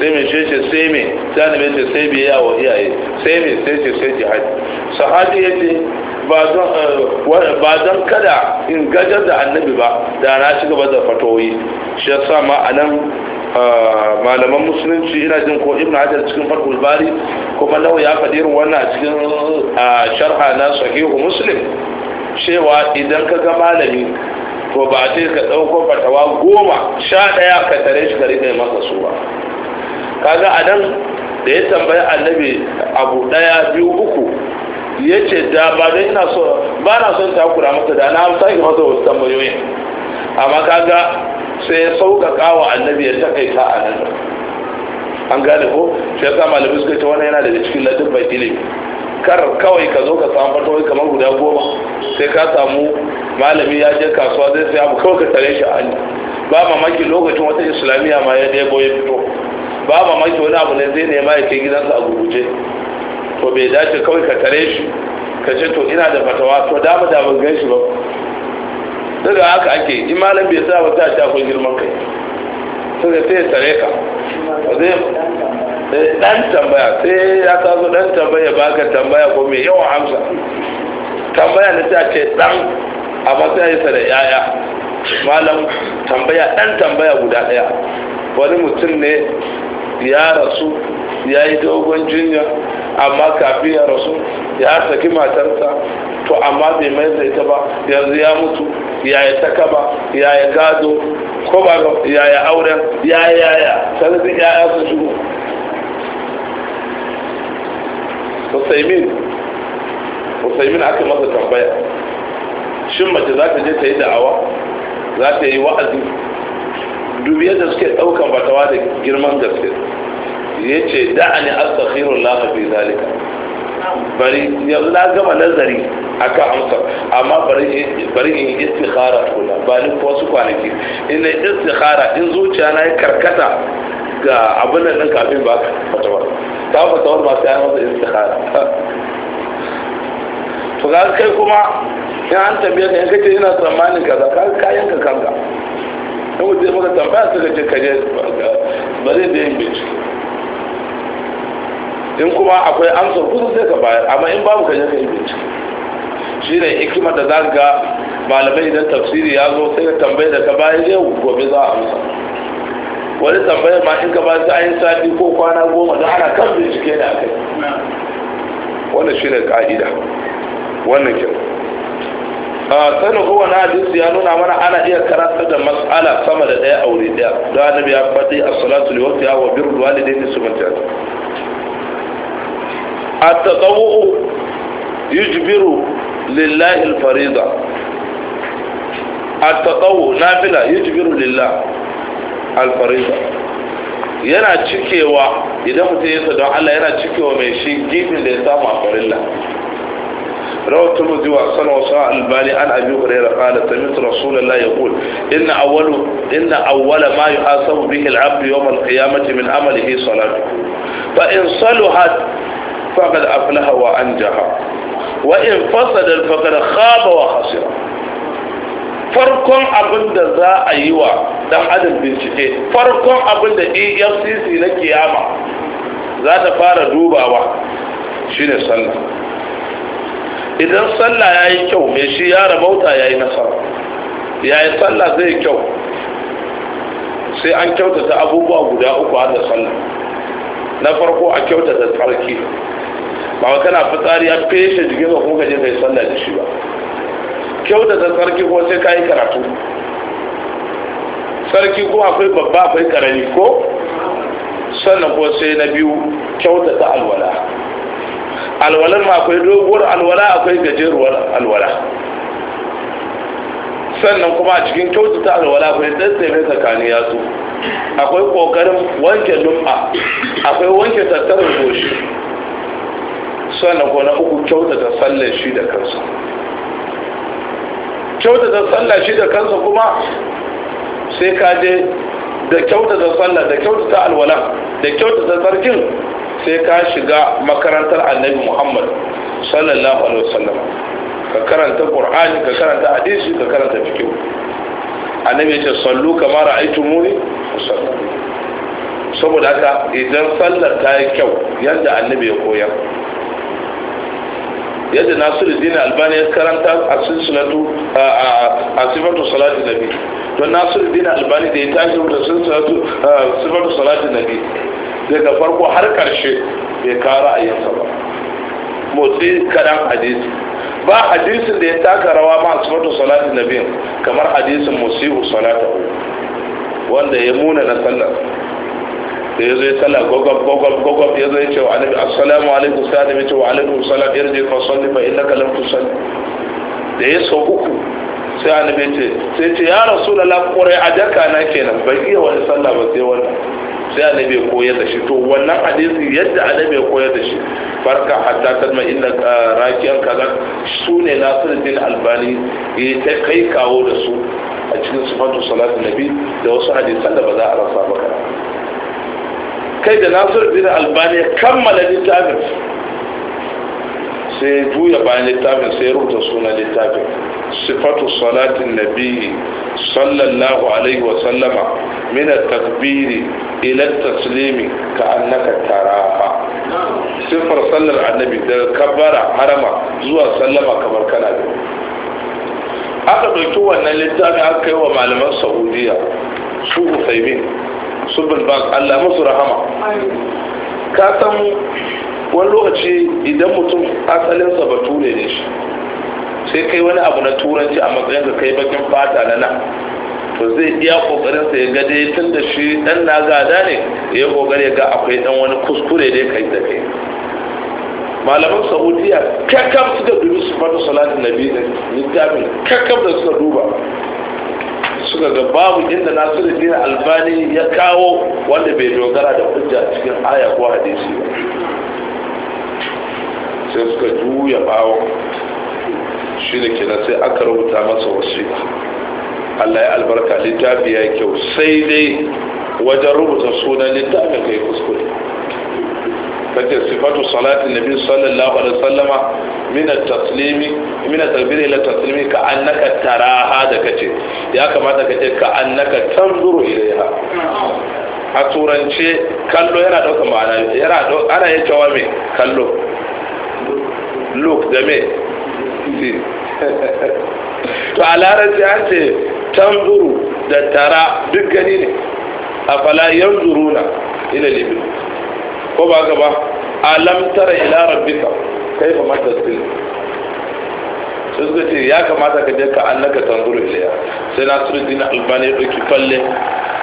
A: sai mai ce ce sai mai sai ce sai biya wa iyaye sai mai sai ce sai jihadi sahabi ya ce eh, ba don kada in gajar da annabi ba da na ci gaba da fatoyi shi ya sa ma a Ah, malaman musulunci ina jin ko ibn hajar cikin farko bari kuma lawa ya faɗi irin wannan cikin sharha na sahihu muslim cewa idan ka ga malami to ba a ce ka ɗauko fatawa goma sha ɗaya ka tare shi ka rika masa su ba kaga a nan da ya tambaya annabi abu ɗaya biyu uku ya ce da ba da ina so ba na son takura masa da na sake masa wasu tambayoyin amma kaga sai ya sauƙaƙa wa annabi ya ta a nan an gane ko sai yasa malamai suka ta wani yana daga cikin bai ilimi kar kawai ka zo ka samu wai kamar guda goma sai ka samu malami ya je kasuwa zai sai abu kawai ka tare shi a hannu ba mamaki lokacin wata islamiyya ma ya je ya fito ba mamaki wani abu ne zai nema ya ke gidansa a gurguje to bai dace kawai ka tare shi ka ce to ina da fatawa to dama da ban gan shi ba daga haka ake in bai sa ba ta ci girman kai da sai tare ka zai dan tambaya sai ya taso dan tambaya baka tambaya ko mai yawan amsa tambaya na ta ce dan a sa da yaya malam tambaya dan tambaya guda daya wani mutum ne ya rasu ya yi dogon jinya amma kafin ya rasu ya saki matarsa to amma bai mai da ita ba yanzu ya mutu ya yi ta kaba yi gado ko ba ya yi auren ya yi yaya sanadin yaya su shigo Usaimin Usaimin aka masa tambaya shin mace za ta je ta yi da'awa za ta yi wa'azi dubiyar yadda suke ɗaukan batawa da girman gaske yace da'ani astaghfirullah fi zalika bari na gama nazari aka amsa amma bari in istikhara tuna ba ni su kwanaki in na istikhara in zuciya na ya karkata ga abin da ɗin kafin ba fatawar ta fatawar ba sai masa istikhara to ga kai kuma in an tambaye ka in kace ina tsammanin kaza ka kayan ka kanka in mutum maka tambaya suka ce kaje bari da yin bincike in kuma akwai amsar kusa sai ka bayar amma in babu kan yaka yi bincike shi ne hikimar da za ga malamai idan tafsiri ya zo sai ka tambaye da ka bayar yau gobe za a amsa wani tambayar ma in ka ba sai ayin sati ko kwana goma da ana kan bincike ne a kai wannan shi ne ka'ida wannan kyau sanin kowane hadisi ya nuna mana ana iya karanta da mas'ala sama da ɗaya aure ɗaya don annabi ya faɗi a salatu liwaqtiha wa birrul walidayni su التطوع يجبر لله الفريضة التطوع نافلة يجبر لله الفريضة yana cikewa idan mutum ya don Allah yana cikewa mai shi gifin da ya samu a farilla روى الترمذي وحسن عن ابي هريره قال سمعت رسول الله يقول ان اول ان اول ما يحاسب به العبد يوم القيامه من عمله صلاته فان صلحت faqad aflaha wa anjaha wa in fasada faqad khaba wa khasira farkon abin da za a yi wa dan adam bincike farkon abin da EFCC na kiyama za ta fara dubawa shine sallah idan sallah ya yi kyau me shi ya rabauta ya yi nasara yayi sallah zai kyau sai an kyautata abubuwa guda uku da sallah na farko a kyautata tsarki ba wa kana fitsari an feshe jikin ba kuma ka je kai sallah da shi ba kyau da ta sarki ko sai ka yi karatu sarki ko akwai babba akwai karami ko sannan ko sai na biyu kyauta ta alwala alwalar ma akwai doguwar alwala akwai gajeruwar alwala sannan kuma a cikin kyauta ta alwala akwai tsaitsai tsakanin yatsu akwai kokarin wanke lumba akwai wanke tattarin goshi sannan ko na uku kyautata sallar shi da kansa kyautata sallar shi da kansa kuma sai ka je da kyautata sallar da kyautata alwala da kyautata sarkin sai ka shiga makarantar annabi muhammad sallallahu alaihi wasallam ka karanta qur'ani ka karanta hadisi ka karanta fikihu annabi ya ce sallu kama ra'aytumuni sallu saboda haka idan sallar ta yi kyau yadda annabi ya koyar yadda nasiru dina albani ya karanta a silsilatu a sifatu salati nabi don nasiru dina albani da ya tashi da a sifatu salati nabi daga farko har karshe bai kara a yansa ba motsi kadan hadisi ba hadisin da ya taka rawa ma a sifatu salati nabi kamar hadisin musihu salatahu wanda ya muna na sallar da ya zai sala gogab gogab gogab ya zai ce wa annabi assalamu alaikum sai annabi ce wa alaikum salam irji fa salli fa innaka lam tusalli da ya sau uku sai annabi ce sai ce ya rasulullah qur'an ajaka na kenan bai iya wani sallah ba sai wannan sai annabi ya koyar da shi to wannan hadisi yadda annabi ya koyar da shi farka hatta kalma inna ah, rakiyan kaza sune nasiruddin albani ya ta kai kawo da su a cikin sifatu salatu nabi da wasu hadisan da ba za a rasa ba kai da nasir bin albani kammala littafin sai juya bayan littafin sai rubuta suna littafin sifatu salatin nabi sallallahu alaihi wa sallama min takbiri ila taslimi ka annaka taraha sifar sallar annabi daga kabbara harama zuwa sallama kamar kana da aka ɗauki wannan littafin aka kai wa malaman saudiya su usaimin subin ba allah musu rahama ka san wani lokaci idan mutum asalinsa bature ne shi sai kai wani abu na turanci a matsayin ka kai bakin fata na nan to zai iya kokarin sa ya gade tun da shi dan na gada ne ya kokare ga akwai dan wani kuskure da kai da kai malaman saudiya kakam suka dubi su fata salatin nabi ne littafin kakam da suka duba suka ga babu inda nasiru din albani ya kawo wanda bai dogara da hujja cikin aya ko hadisi ba sai suka juya bawo shi ne kenan sai aka rubuta masa wasu allah ya albarka littafi ya kyau sai dai wajen rubuta sunan littafin kai kuskure kace sifatu salatin nabi sallallahu alaihi wasallama min at-taslimi min at-takbir ila taslimi ka annaka taraha da kace ya kamata kace ka annaka a turance kallo yana ɗauka ma'ana yana ana yake wa me kallo look da me to a larabci an ce tanzuru da tara duk gani ne a fala yanzuruna ila libya ko ba ka ba alam tara ila rabbika kaifa matasir sai suka ce ya kamata ka je ka annaka tanzuru ilaya sai nasiruddin albani ya ɗauki falle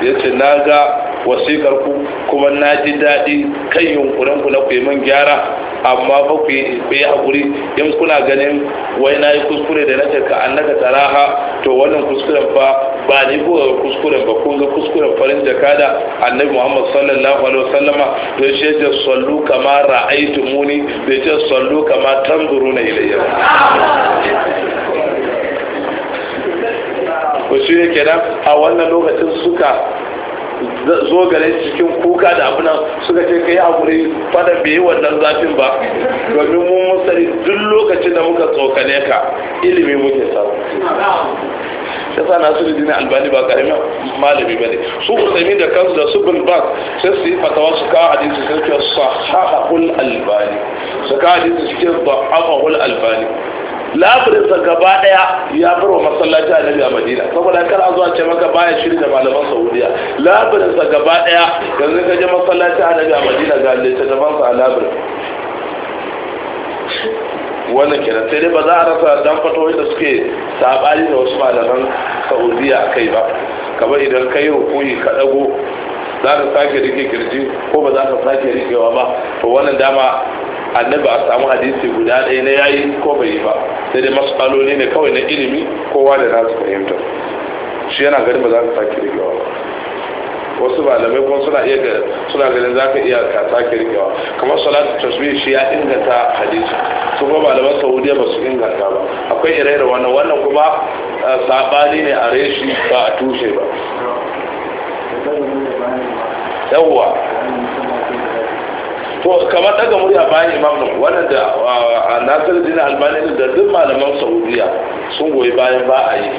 A: ya ce na ga wasikar ku kuma na ji daɗi kan yunkurin ku na ku yi min gyara amma fa ku yi haƙuri in kuna ganin wai na yi kuskure da na ka annaka taraha to wannan kuskuren fa ba ni ko kuskuren ba kun ga kuskuren farin jakada annabi muhammad sallallahu alaihi wasallama to shi ce sallu kama da ya ce sallu kama tanzuruna ilayya wasu ne kenan a wannan lokacin suka zo gare cikin kuka da abinan suka ce ka a gure fada bai yi wannan zafin ba domin mun musari duk lokacin da muka tsokane ka ilimi muke samu ya sa nasu da jini albani ba karamin malami ba ne su usaimin da kansu da su bin bak sai su yi fatawa su kawo hadisi sai su sa sahahahul albani su kawo hadisi cikin ba'afahul albani labirinsa gaba daya ya bar wa masallaci annabi a madina saboda kar a zuwa ce maka baya shiri da malaman saudiya labirinsa gaba daya yanzu ka je masallaci annabi a madina ga littattafansa a labirin wannan kenan sai dai ba za a rasa dan fatoyi da suke sabani da wasu malaman saudiya kai ba kamar idan kai rukuni ka dago za ka sake rike kirji ko ba za ka sake rikewa ba to wannan dama annabi a samu hadisi guda ɗaya na yayi ko bai yi ba sai dai matsaloli ne kawai na ilimi kowa da nasu fahimta shi yana gani ba za ka sake rigewa ba wasu malamai kuma suna iya suna ganin za ka iya ka sake rigewa kamar salatu tasbih shi ya inganta hadisi su kuma malaman saudiya ba su inganta ba akwai ire da wannan wannan kuma sabani ne a reshi ba a tushe ba yawwa to kamar daga murya bayan imam nan wannan da nasar dina albani da duk malaman saudiya sun goyi bayan ba a yi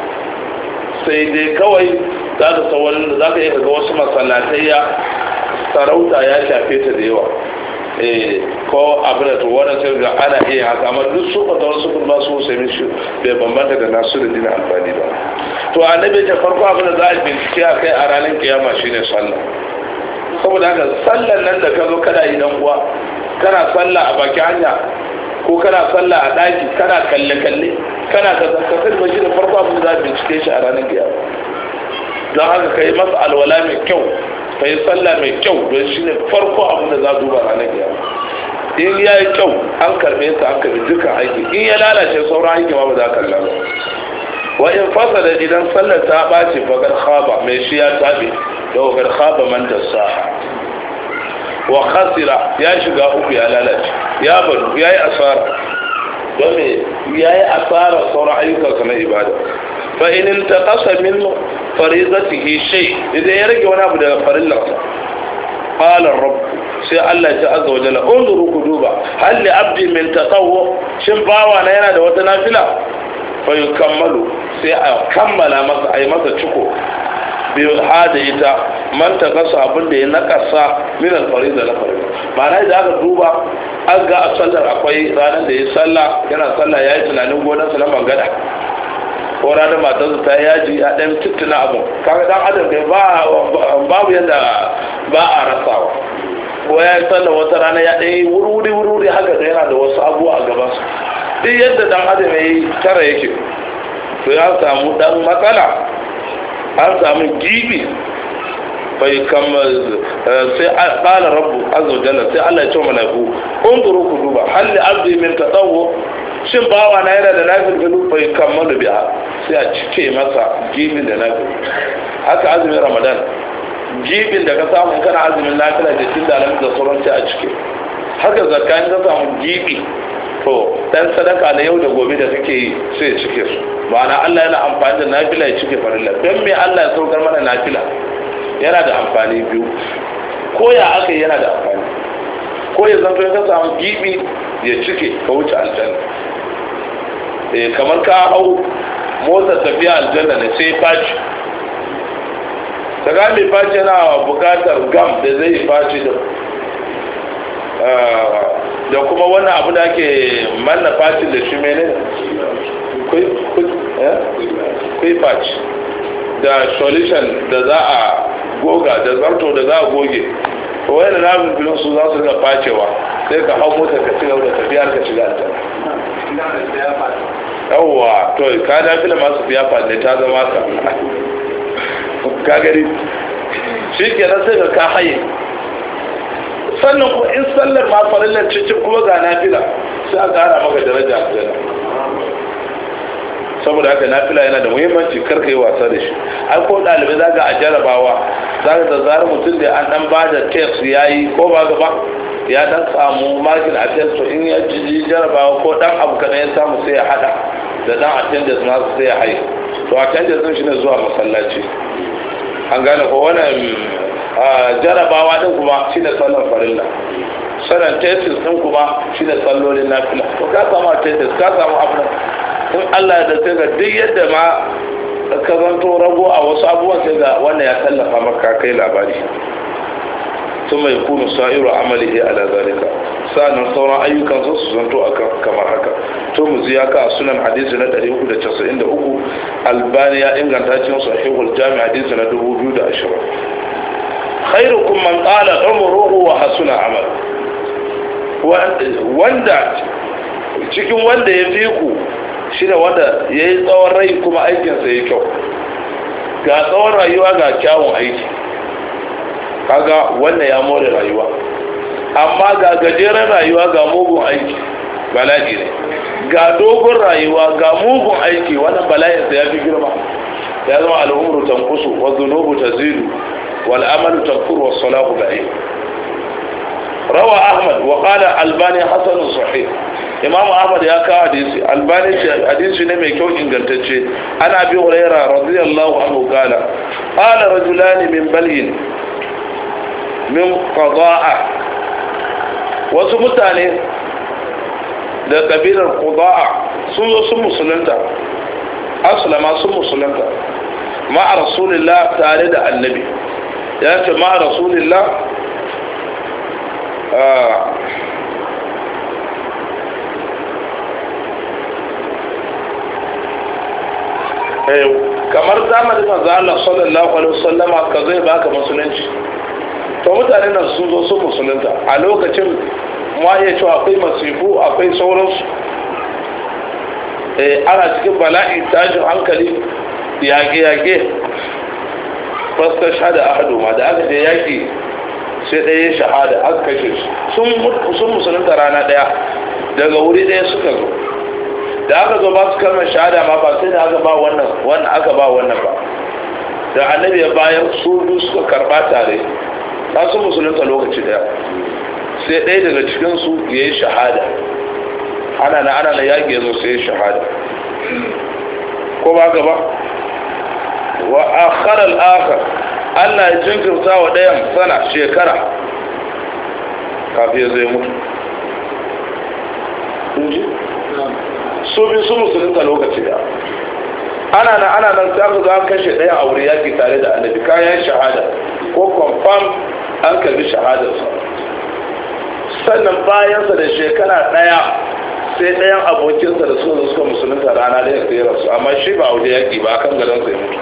A: sai dai kawai za ka saurin za ka iya ga wasu masallatayya sarauta ya shafe ta da yawa eh, ko abin da wannan sai ga ana iya haka amma duk su ba su kun ba su sami su bai bambanta da nasu da dina albani ba to annabi ta farko abin da za a bincike a kai a ranar kiyama shine sallah saboda haka sallan nan da ka zo kana yi dan uwa kana sallah a baki hanya ko kana sallah a daki kana kalle kalle kana ka ba shi da farko abin za a bincike shi a ranar kiyama don haka ka yi masa alwala mai kyau ka yi sallah mai kyau don shi ne farko abin da za a duba ranar kiyama in ya yi kyau an karbe ta an karbi duka aiki in ya lalace sauran aiki ma ba za a kalla ba wa in fasada idan sallar ta ɓaci fagar khaba mai shi ya taɓe da fagar khaba man sa wa khasira ya shiga uku ya lalace ya banu ya yi asara don ya yi asara sauran ayyukansa na ibada fa in intaqasa min farizatihi shay idan ya rage wani abu daga farillarsa qala rabb sai Allah ya azza wa jalla unzuru duba hal li abdi min tatawwu shin bawa na yana da wata nafila fayun kammalu sai a kammala masa a yi masa ciko biyu hada ita man ta kasa abin da ya nakasa min alfari da lafari ma'ana da aka duba an ga a sallar akwai ranar da ya sallah yana sallah ya yi tunanin gonar sa na bangada ko ranar matarsa ta yaji a ɗan tuttuna abu kaga dan adam ba babu yadda ba a rasawa ko ya yi sallar wata rana ya ɗaya wuri wuri wuri haka da yana da wasu abubuwa a gabansa duk yadda dan adam ya yi tara yake to ya samu dan matsala an samu gibi bai kama eh, sai ƙala rabu azza jalla sai Allah ya ce kun duru ku duba halli abdi min tsawo shin bawa na yana da nafil bilu bai kammalu biya sai a cike masa gibin da nafil haka azumin ramadan gibin da ka samu kana azumin lafiya da tun da alamin da sauran sai a cike haka zakka in ka samu gibi to dan sadaka na yau da gobe da suke yi sai ya cike su ma'ana Allah yana amfani da nafila ya cike farilla don me Allah ya saukar mana nafila yana da amfani biyu ko ya aka yana da amfani ko ya zanto ka samu gibi ya cike ka wuce aljanna eh kamar ka hau motsa tafiya aljanna ne sai faci daga mai faci yana bukatar gam da zai faci da da kuma wannan abu da ake manna fatin da shi mene kwai faci eh? da solution da za a goga da zarto da za a goge wani da namun filin su za su rika facewa sai ka hau motar ka cigar da tafiyar ka shiga ta yawwa to ka da fila masu biya falle ta zama ka ka gari shi kenan sai ka haye sannan kuma in sallar ma farillar cikin kuma ga nafila sai a ƙara maka daraja a jana saboda haka nafila yana da muhimmanci karka yi wasa da shi ai ko dalibai za ka a jarabawa za ka da zarar mutum da an ɗan ba da test ya yi ko ba gaba ya ɗan samu makin a test to in ya ji jarabawa ko ɗan abu kaɗan ya samu sai ya haɗa da ɗan attendance nasu sai ya haye to attendance shi ne zuwa masallaci an gane ko wani jarabawa din kuma shi da sallon farilla sanan tesis din kuma shi da na fila ko ka samu tesis ka samu abin in Allah ya dace ga duk yadda ma ka zanto rago a wasu abubuwan sai ga wannan ya tallafa maka kai labari tun mai kunu sa'iru amali ya ala zalika sa'annan sauran ayyukan sun su zanto a kamar haka to mu ziya ka sunan hadisi na 393 albani ya inganta cikin sahihul jami'a hadisi na 2020 khairukum man qala umruhu wa hasuna amalu wanda cikin wanda ya fi ku shine wanda ya yi tsawon rai kuma aikinsa ya kyau ga tsawon rayuwa ga kyawun aiki kaga wanda ya more rayuwa amma ga gajeren rayuwa ga mugun aiki bala'i ne ga dogon rayuwa ga mugun aiki wannan bala'insa ya fi girma ya zama al'umru tankusu wa zunubu tazidu والأمل تذكر والصلاة بعيد روى أحمد وقال الباني حسن صحيح إمام أحمد يا كحديث الباني حديث نمي كو إنجلتشي أنا أبي هريرة رضي الله عنه قال قال رجلان من بلين من قضاء وسمتاني mutane da kabilar kuda'a sun zo sun musulunta asulama sun musulunta ma'a rasulullah tare da annabi ya ce ma rasulillah eh, kamar ma za Allah sallallahu alaihi sallama ka zai baka musulunci to mutane nan sun zo sun musulunta a lokacin ma iya cewa akwai masifu akwai sauransu eh, ana cikin bala'i tashin hankali yage-yage fasta shahada ahadu ma da aka je yaki sai ɗaya shahada aka kashe su sun musulunta rana ɗaya daga wuri ɗaya suka zo da aka zo ba su kalmar shahada ma ba sai da aka ba wannan wannan aka ba wannan ba da annabi ya bayan su biyu suka karɓa tare ta su musulunta lokaci ɗaya sai ɗaya daga cikinsu ya yi shahada ana na ana na yaƙi ya zo sai ya shahada ko ba gaba wa akhar al-akhar Allah ya jinkirta wa ɗayan sana shekara kafin ya zai mutu su bi su musulunta lokaci da ana nan ana nan ta ga an kashe ɗaya a wuri yaƙi tare da annabi kayan shahada ko confirm an karbi shahadarsa sannan bayansa da shekara ɗaya sai ɗayan abokinsa da su suka musulunta rana da ya rasu amma shi ba a wuri yaƙi ba kan garin sai mutu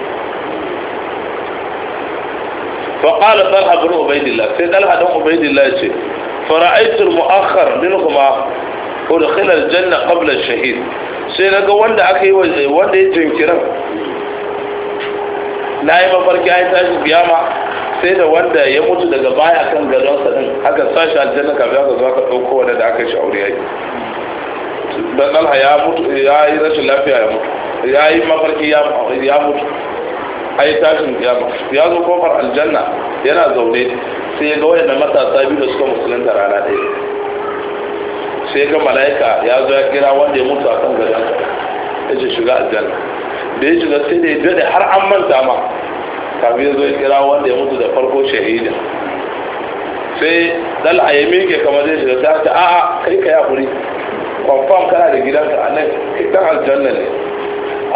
A: فقال طلحة بن عبيد الله في طلحة بن عبيد الله شيء فرأيت المؤخر منهما ودخل الجنة قبل الشهيد سينا قوان دا أكي وان يتنكرا na yi mafarki an tashi kiyama sai da wanda ya mutu daga baya kan gadonsa din aka sashi aljanna kafin aka zo aka ɗauko wanda da aka shi aure yaki dan dalha ya mutu ya yi rashin lafiya ya mutu ya yi mafarki ya mutu ai tashin kiyama ya zo kofar aljanna yana zaune sai ya ga da matasa biyu da suka da rana ɗaya sai ga mala'ika ya zo ya kira wanda ya mutu a kan gadon ya ce shiga aljanna da ya shiga sai da ya dade har an manta ma kafin ya zo ya kira wanda ya mutu da farko shahida sai dal a yi mike kama zai shiga sai ta a'a kai ka yaƙuri kwamfam kana da gidanka a nan ita aljanna ne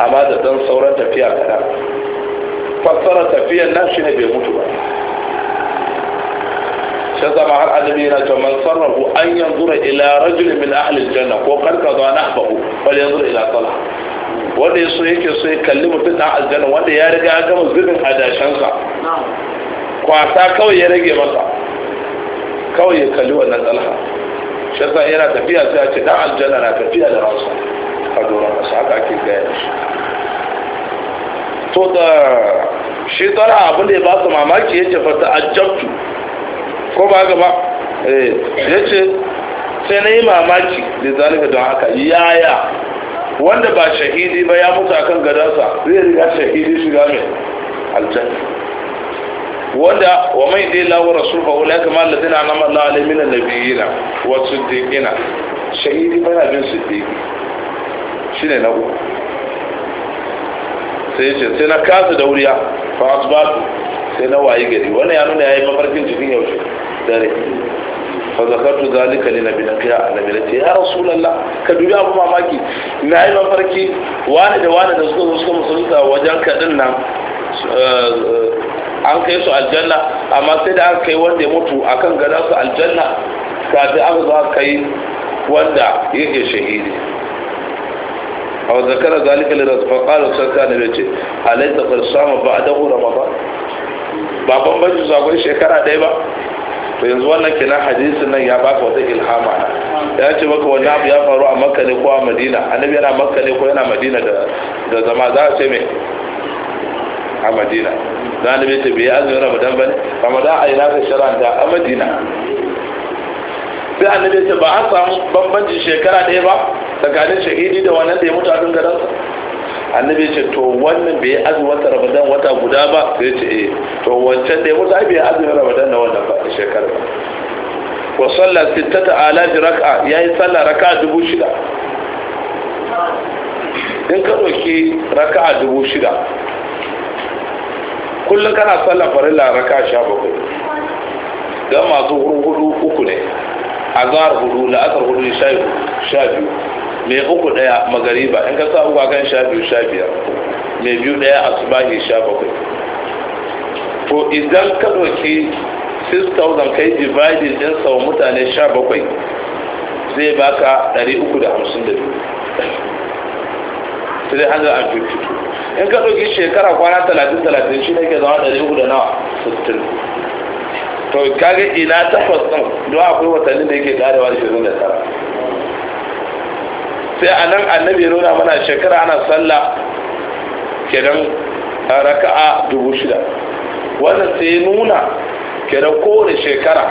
A: amma da dan sauran tafiya kaɗan fassara tafiyan nan ne bai mutu ba shi zama har annabi yana cewa man sarrafu an yanzura ila rajul min ahli aljanna ko karka zuwa na abahu bal yanzura ila salah wanda ya so yake so ya kalli mutum dan aljanna wanda ya riga ya gama zubin adashansa kwasa kawai ya rage masa kawai ya kalli wannan tsalha shi yasa yana tafiya sai a ce dan aljanna na tafiya da ransa a doron kasa haka ake gaya shi to da shi tsara abin da ya ba su mamaki ya ce fata ajabtu ko ba gaba eh, ya ce sai na yi mamaki da zalika don haka yaya wanda ba shahidi ba ya mutu akan gadansa zai riga shahidi shiga mai aljanna wanda wa mai dai lawo rasul fa ulai kama na anama Allah na biyu na wasu siddiqina shahidi bana bin shi ne na uku sai ce sai na kasa da dauriya fa asbatu sai na wayi gari wannan ya nuna yayi mafarkin cikin yaushe dare fa zakartu zalika li nabi nakiya annabi ne ya rasulullah ka dubi abu mamaki na yi mafarki wani da wani da suka zo suka musulunta wajen kaɗin nan eh, an kai su aljanna amma sai da an kai wanda ya mutu akan gada su aljanna kafin aka zo aka kai wanda yake shahidi او ذکر ذلك li فقال fa qala sallallahu alaihi wasallam alaysa qad sama ba'dahu ramadan ba bambanci su akwai shekara ba to yanzu wannan kina hadisin nan ya baka wata ilhama ya ce maka wani abu ya faru a makka ne ko a madina annabi yana makka ne ko yana madina da zama za a ce me a madina za a nabi ce bai azumin ramadan ba ne a yi nasa shara'anta a madina sai annabi ce ba an samu bambancin shekara ɗaya ba tsakanin shahidi da wannan da ya mutu a kan gadansa annabi ce to wannan bai azumi wata ramadan wata guda ba sai ce eh to wancan da ya mutu bai azumi ramadan na wannan ba a shekara ba wa sallar sittata alaji raka'a ya yi sallar raka'a dubu shida in ka ɗauki raka'a dubu shida kullum kana sallar farilla raka'a sha bakwai don masu hudu uku ne azhar hudu la'asar hudu sha biyu mai uku daya magariba in ka sa uku akan sha biyu sha biyar mai biyu daya asubahi sha bakwai to idan ka doki 6,000 kai divide din sau mutane sha bakwai zai baka 352 352 in ka doki shekara kwana 30-30 shi ne ke zama 300 na kawai kaga ina takwas ɗin don akwai watanni da yake karewa shirin da tara sai a nan annabi ya nuna mana shekara ana sallah kenan raka'a dubu shida wannan sai ya nuna kenan kowane shekara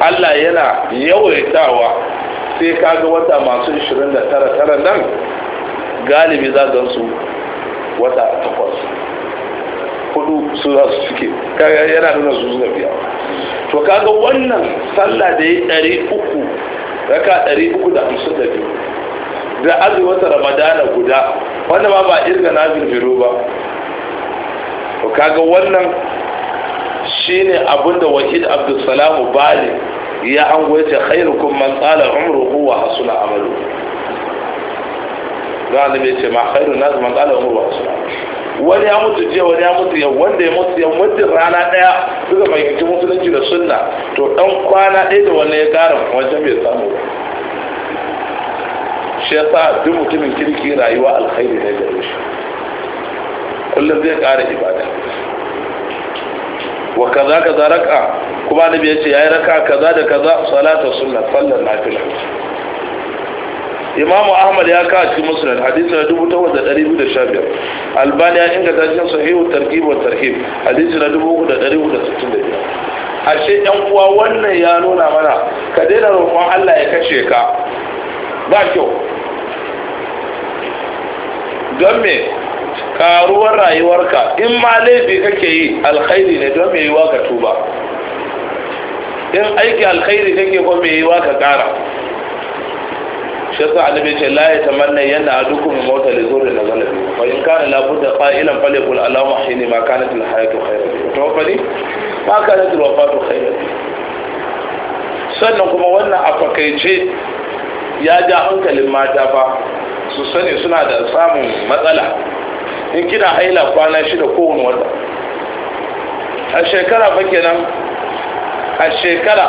A: allah yana yawaitawa sai kaga wata masu 29 nan galibi za su wata takwas hudu su za su suke yana nuna su suna biya to kaga wannan sallah da ya ɗari uku raka ɗari uku da hamsin da biyu da wata ramadana guda wanda ma ba irga na firfiro ba to kaga wannan shine abinda wahid abdulsalamu bali ya hango yace kun man tsala umru wa hasuna amalu ga annabi ce ma khairu na man tsala umru wa hasuna amalu wani ya mutu jiya wani ya mutu yau wanda ya mutu yau mutum rana daya suka fahimci musulunci da sunna to dan kwana ɗaya da wani ya kara wajen bai samu ba shi ya sa duk mutumin kirki rayuwa alkhairi ne da shi kullum zai kara ibada wa kaza kaza raka kuma annabi ya ce yayi raka kaza da kaza salatu sunna sallar nafila imamu ahmad ya kawo cikin musulun hadisi na dubu takwas da dari biyu da sha biyar albani ya inganta cikin sahihu tarhib wa tarhib hadisi na dubu uku da dari uku da sittin da biyar ashe yan uwa wannan ya nuna mana ka daina roƙon allah ya kashe ka ba kyau don me karuwar rayuwarka in ma laifi kake yi alkhairi ne don me yiwa ka tuba in aiki alkhairi kake ko me yiwa ka kara shi yasa annabi ce la ya tamanna yana adukum mauta li zuri na galabi fa in kana la budda qailan falyakul allahumma hini ma kanat al hayatu khayran to fa ni ma kanat al wafatu khayran sannan kuma wannan a fakaice ya ja hankalin mata ba su sani suna da samun matsala in kina haila kwana shida kowane wata a shekara ba kenan a shekara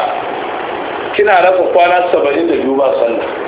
A: kina rasa kwana saba'in da biyu ba sallah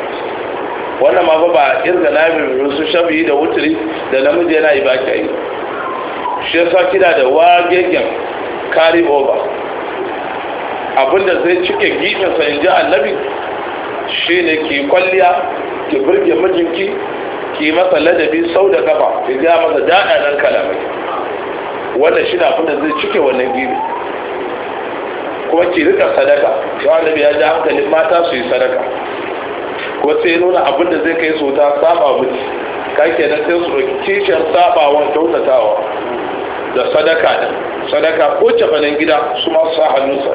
A: wannan ma ba irga lamin rusu shafi da wuturi da namiji yana yi baki yi shi yasa kina da wagegen carry over abinda zai cike gidansa in ji annabi shi ne ki kwalliya ki burge mijinki ki masa ladabi sau da kafa ki ga masa nan kalamai wannan shi na abinda zai cike wannan gibi kuma ki rika sadaka shi annabi ya ji hankalin mata su yi sadaka kuma sai nuna abin da zai kai su saba mutu ka nan sai su ɗauki kishiyar sabawan kyautatawa da sadaka da sadaka ko cafanin gida su ma sa hannun sa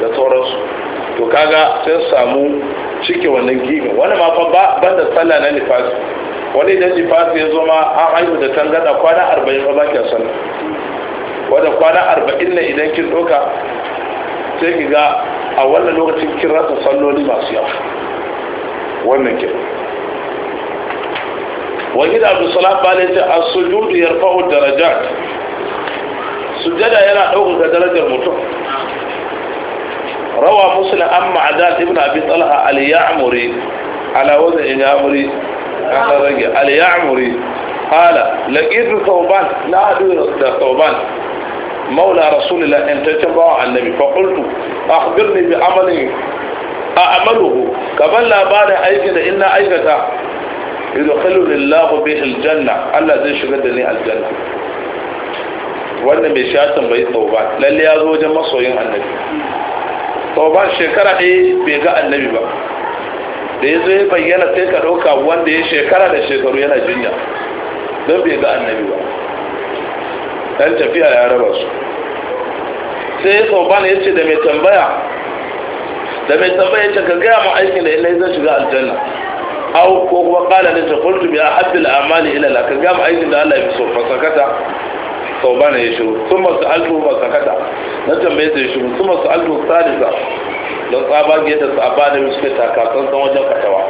A: da sauransu to kaga sai samu cike wannan gibin wani ma fa ban da sallah na nifasi wani idan nifasi ya zoma a an haihu da tangada kwana arba'in ba ba ke sallah wadda kwana arba'in ne idan kin ɗauka sai ki ga a wannan lokacin kira su salloli masu yawa wannan kira wani da abu salat ba ne ta a sujudu ya rufa daraja sujada yana ɗaukar ga darajar mutum rawa musulun an ma'adar ibn abi talha aliyamuri ala wajen yamuri a sarrage aliyamuri hala laƙi da sauban da sauban مولى رسول الله ان تتبع bawa annabi اخبرني qultu اعمله bi لا a amaluhu الا labarin aikin da ina aikata الله زي شغلني الجنه zai shigar da ni aljanna wannan bai sha tambayi tauba lalle ya zo wajen masoyin annabi tauba shekara ɗaya bai ga annabi ba da ya zo ya bayyana sai ka ɗauka wanda ya shekara da shekaru yana jinya don bai ga annabi ba dan tafiya ya raba su sai sauban ya ce da mai tambaya da mai tambaya ce ka gaya mu aikin da ina zan shiga aljanna au ko kuma kala ne ta kultu bi ahabbil amali ila la ka gaya mu aikin da Allah ya fi so fasakata sauban ya shiru sun masu alfu fasakata na tambaye sai shiru sun masu alfu salisa don tsabage da tsaba da suke takasan san wajen katawa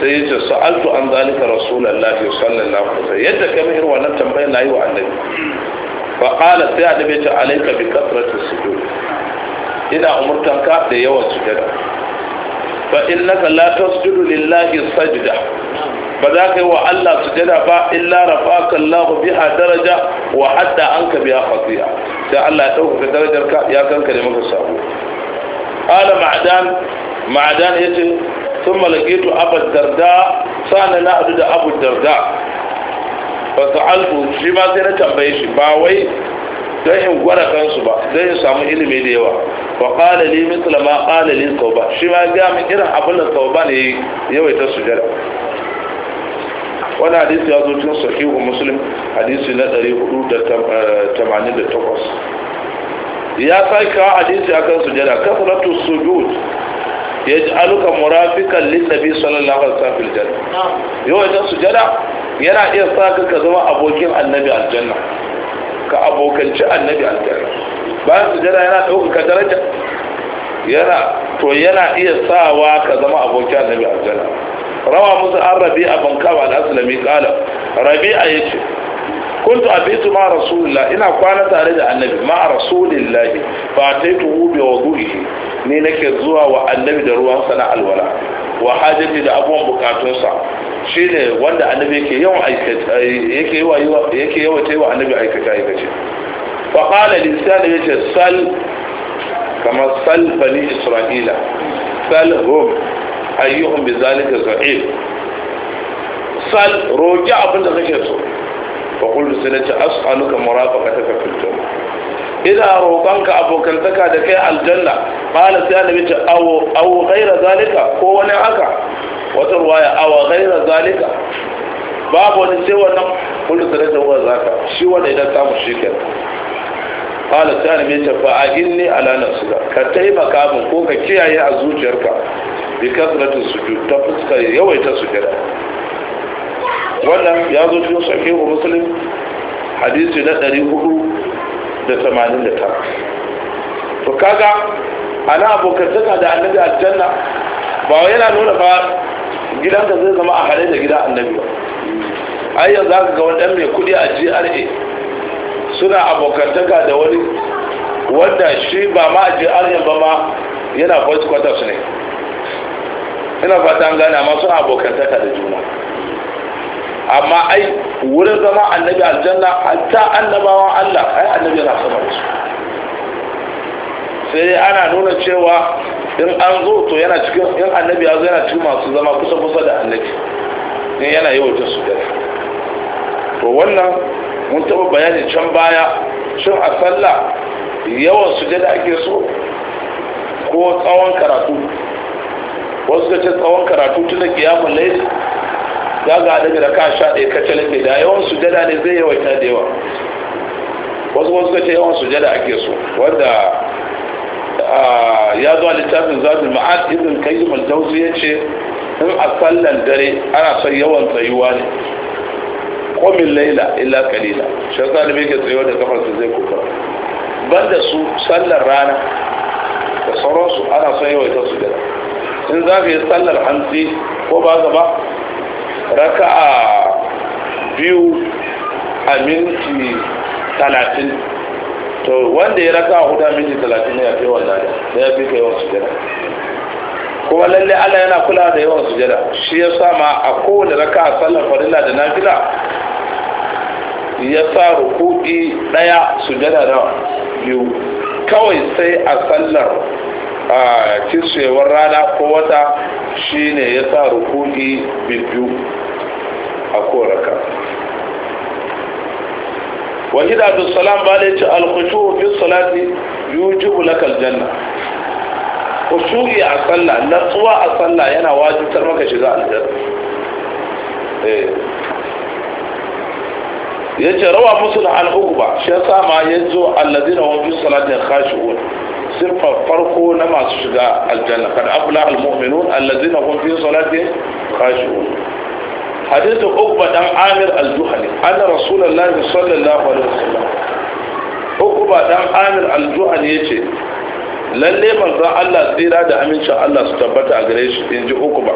A: sai ya ce sa'altu an zalika rasulullahi sallallahu alaihi wasallam yadda kai mai wannan tambayar na yi wa annabi fa qala sai annabi ya ce alayka bi kasratis sujud ina umurtanka da yawan sujada fa innaka la tasjudu lillahi sajda ba za ka yi wa Allah sujada ba illa rafaka Allah biha daraja wa hadda anka biha khati'a sai Allah ya dauka ka ya kanka da maka sabo qala ma'dan ma'adan ya ce sun malakitu abu darda sa'ana na haɗu da abu darda ba su alfu shi ma sai na tambaye shi ba wai don in gwada kansu ba don in samu ilimi da yawa wa ƙala li mitla ma ƙala li tauba shi ma ga min irin abin da tauba ne su jira wani hadisi ya zo cikin sahihu muslim hadisi na 488 ya sake kawo hadisi akan sujada kasratu sujud ji murafiqan murafikan littafi sallallahu alaihi wasallam fil Yau wajen sujada yana iya sa ka zama abokin annabi aljanna ka abokanci annabi aljanna bayan sujada yana dauka daraja yana to yana iya sawa ka zama abokin annabi aljanna rawa musu an rabi'a ban kawo al-aslami qala rabi'a yace kuntu abitu ma rasulullah ina kwana tare da annabi ma rasulullah fa taitu bi wudu'ihi ne nake zuwa wa annabi da ruwan sana alwala wa hajati da abubuwan bukatunsa shine wanda annabi yake yawan aikata yake yawa yake yawa tai wa annabi aikata aikace fa qala li sani yace sal kama sal bani isra'ila salhum ayyuhum bi zalika za'ib sal roki abinda da kake so fa qultu sai nace as'aluka murafaqataka fil janna ina roƙonka abokantaka da kai aljanna qala sai annabi ce aw aw ghaira zalika ko wani haka wata ruwaya aw gaira zalika babu wani sai wannan kullu sai da wa zaka shi wanda idan samu shi kenan qala sai annabi ce fa inni ala nafsika ka taimaka min ko ka kiyaye a zuciyarka bi kasratin sujud ta fuska yawaita sujada wannan ya zo cikin sahihu muslim hadisi na 489 to kaga ana abokantaka da annabi aljanna ba yana nuna ba gidanka zai zama a hare da gidan annabi ba ai yanzu aka ga wani mai kudi a GRA suna abokantaka da wani wanda shi ba ma a GRA ba ma yana voice quarters ne ina fata an gane amma suna abokantaka da juna amma ai wurin zama annabi aljanna hatta annabawan Allah ai annabi yana sama da su sai ana nuna cewa in an zo to yana cikin in annabi ya zo yana cikin masu zama kusa kusa da annabi in yana wajen su gari to wannan mun taɓa bayani can baya shin a sallah yawan sujada ake so ko tsawon karatu wasu ga ce tsawon karatu tun da kiyamun laili za ga daga da ka sha ɗaya kacalin ne da yawan sujada ne zai yawaita da yawa wasu wasu ka ce yawan sujada ake so wanda ya zuwa littafin zafin ma'ad izin kai al-jawzi ya ce in a sallan dare ana son yawan tsayuwa ne komin laila illa kalila shi yasa da ke tsayuwa da kafar su zai kuka banda su sallar rana da sauransu ana son ta sujada in za ka yi sallar hantsi ko ba ba raka'a biyu a minti talatin to wanda ya raka hudu a minti talatin ne ya fi wannan da ya fi ka yawan sujada kuma lalle Allah yana kula da yawan sujada shi ya sa ma a kowane raka a sallar farilla da nafila ya sa rukudi daya sujada da biyu kawai sai a sallar a kiswewar rana ko wata shine ya sa ruku'i biyu a koraka wahida da salam ba da ya ce alkushu fi salati yujibu lakal janna kushu'i a sallah tsuwa a sallah yana wajibtar maka shiga aljanna ya ce rawa musu da al'ugba shi ya sama ya zo allazina wa fi salatin khashi'un siffa farko na masu shiga aljanna kan abla almu'minun allazina hum fi salatin khashi'un hadith ugba dan amir al-juhani anna rasulullahi sallallahu alaihi wasallam Ugba dan amir al-juhani yace lalle manzon Allah tsira da amincin Allah su tabbata a gare shi inji ugba.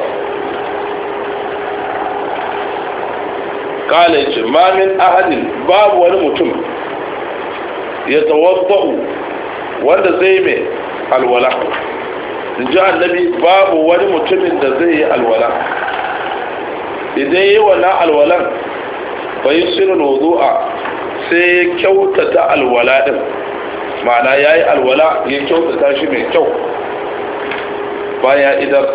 A: kala yace ma min ahadin babu wani mutum ya tawaddu wanda zai mai alwala in ji annabi babu wani mutumin da zai yi alwala idan yi wannan alwalan bai shirin wudu'a sai ya kyautata alwala din ma'ana ya yi alwala ya kyautata shi mai kyau baya idan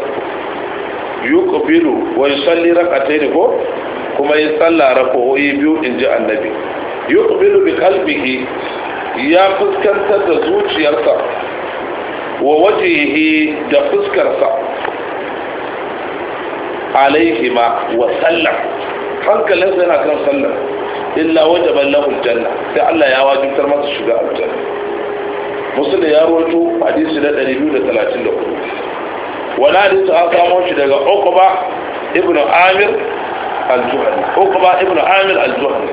A: yuqbilu salli yusalli rak'atayn ko kuma yi sallah raka'o'i biyu in ji annabi yuqbilu bi qalbihi ya fuskantar da zuciyarsa wa wajihi da fuskarsa ma wa sallam hankalinsa yana kan sallar illa wajaban lahu janna sai Allah ya wajibtar masa shiga aljanna musulun ya rawaito hadisi na 234 wala hadisi an samo shi daga Uqba ibn Amir al-juhani kuma ibn amir al-juhani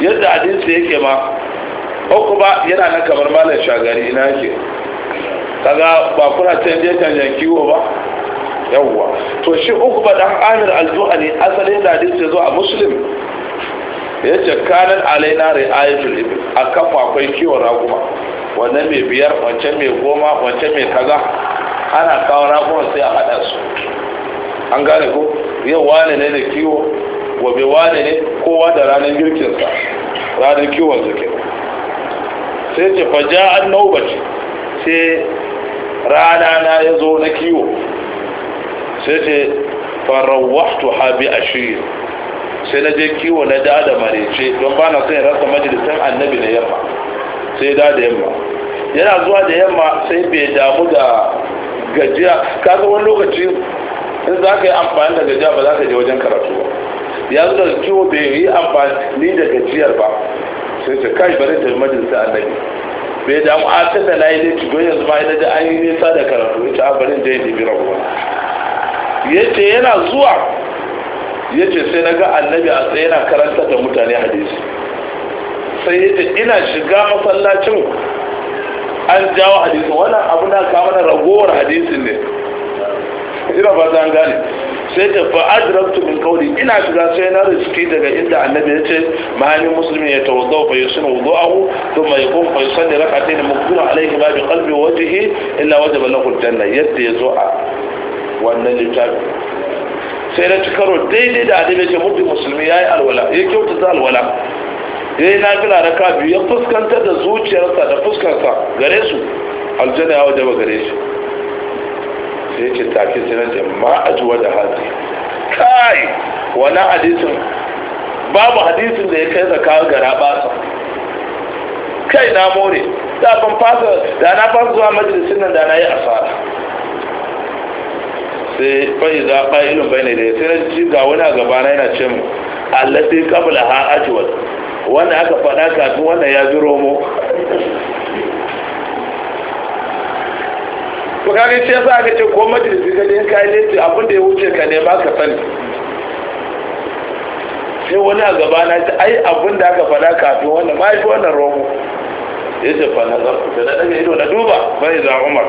A: yadda hadisi yake ma kuma yana na kamar malam shagari ina yake kaga ba kuna canje canjen kiwo ba yawwa to shi ba dan amir al-juhani asalin da hadisi zo a muslim yace kanan alaina ri'ayatul a akan akwai kiwo raguma wannan mai biyar wancan mai goma wancan mai kaza ana kawo raguma sai a hada su an gane ko yau wane ne da kiwo gobe wane ne kowa da ranar girkinsa ranar kiwon ke sai ce faja an naubaci sai rana na ya zo na kiwo sai ce farawahtu habi ashir sai na je kiwo na da da marece don ba na son rasa majalisar annabi na yamma sai da da yamma yana zuwa da yamma sai bai damu da gajiya kaga wani lokaci in za ka yi amfani da gajiya ba za ka je wajen karatu ba yanzu da kiwo bai yi amfani da gajiyar ba sai ce kai bari ta majalisa annabi bai damu a ta da layi ne cikin yanzu ma ina da an yi nisa da karatu ita a barin da ya nemi rabuwa ya ce yana zuwa ya ce sai na ga annabi a tsaye yana karanta da mutane hadisi sai ya ce ina shiga masallacin an jawo hadisin wannan abu na ragowar hadisin ne ina ba ta gane sai ta fa adraktu min qawli ina shiga sai na riski daga inda annabi ya ce mahani muslimi ya tawadda fa yusna wudu'ahu thumma yaqum fa yusalli rak'atayn maqdura alayhi ma bi qalbi wa wajhihi illa wajaba lahu al-janna yadda yazo a wannan littafi sai na ci karo daidai da annabi ce mutum musulmi yayi alwala ya kyautata alwala yayi nafila raka biyu ya fuskantar da zuciyarsa da fuskarsa gare su aljanna ya wajaba gare shi sai ya ce take sai jama'a ce ma ji wajen hazi kai wani hadisin babu hadisin da ya kai zaka gara basa kai na more da ban fasa da na fasa zuwa majalisin nan da na yi asara sai bai za ba ilin bai ne da sai na ji ga wani a gabana yana ce mu allati qabla ha ajwal wanda aka faɗa kafin wannan ya ji mu to kaga shi yasa aka ce ko majalisi ka din kai lati abin da ya wuce ka ne ba ka sani sai wani a gaba na ce ai abin da aka faɗa kafin wannan ba shi wannan romo ya ce fa na da na ɗaga ido na duba bai za Umar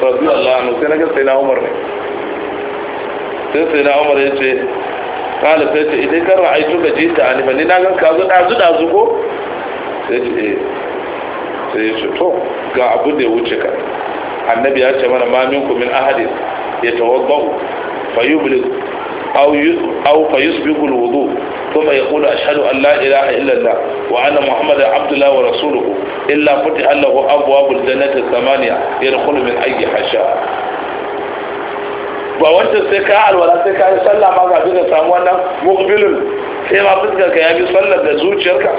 A: Allah anhu sai na ga sai na Umar ne sai sai na Umar ya ce kala sai ce idan kan ra'aitu ka ji ta alifa ni na gan ka zo dazu dazu ko sai ce eh. sai ya ce to ga abin da ya wuce ka annabi ya ce mana ma minkum min ahadin yatawaddau fayublig aw aw fayusbigu alwudu thumma yaqulu ashhadu an la ilaha illa allah wa anna muhammadan abdullahi wa rasuluhu illa futiha lahu abwabul jannati thamaniya yadkhulu min ayyi hasha ba wanda sai ka alwala sai ka yi sallah ma kafin ka samu wannan muqbilun sai ma fuskar ka ya bi sallar da zuciyarka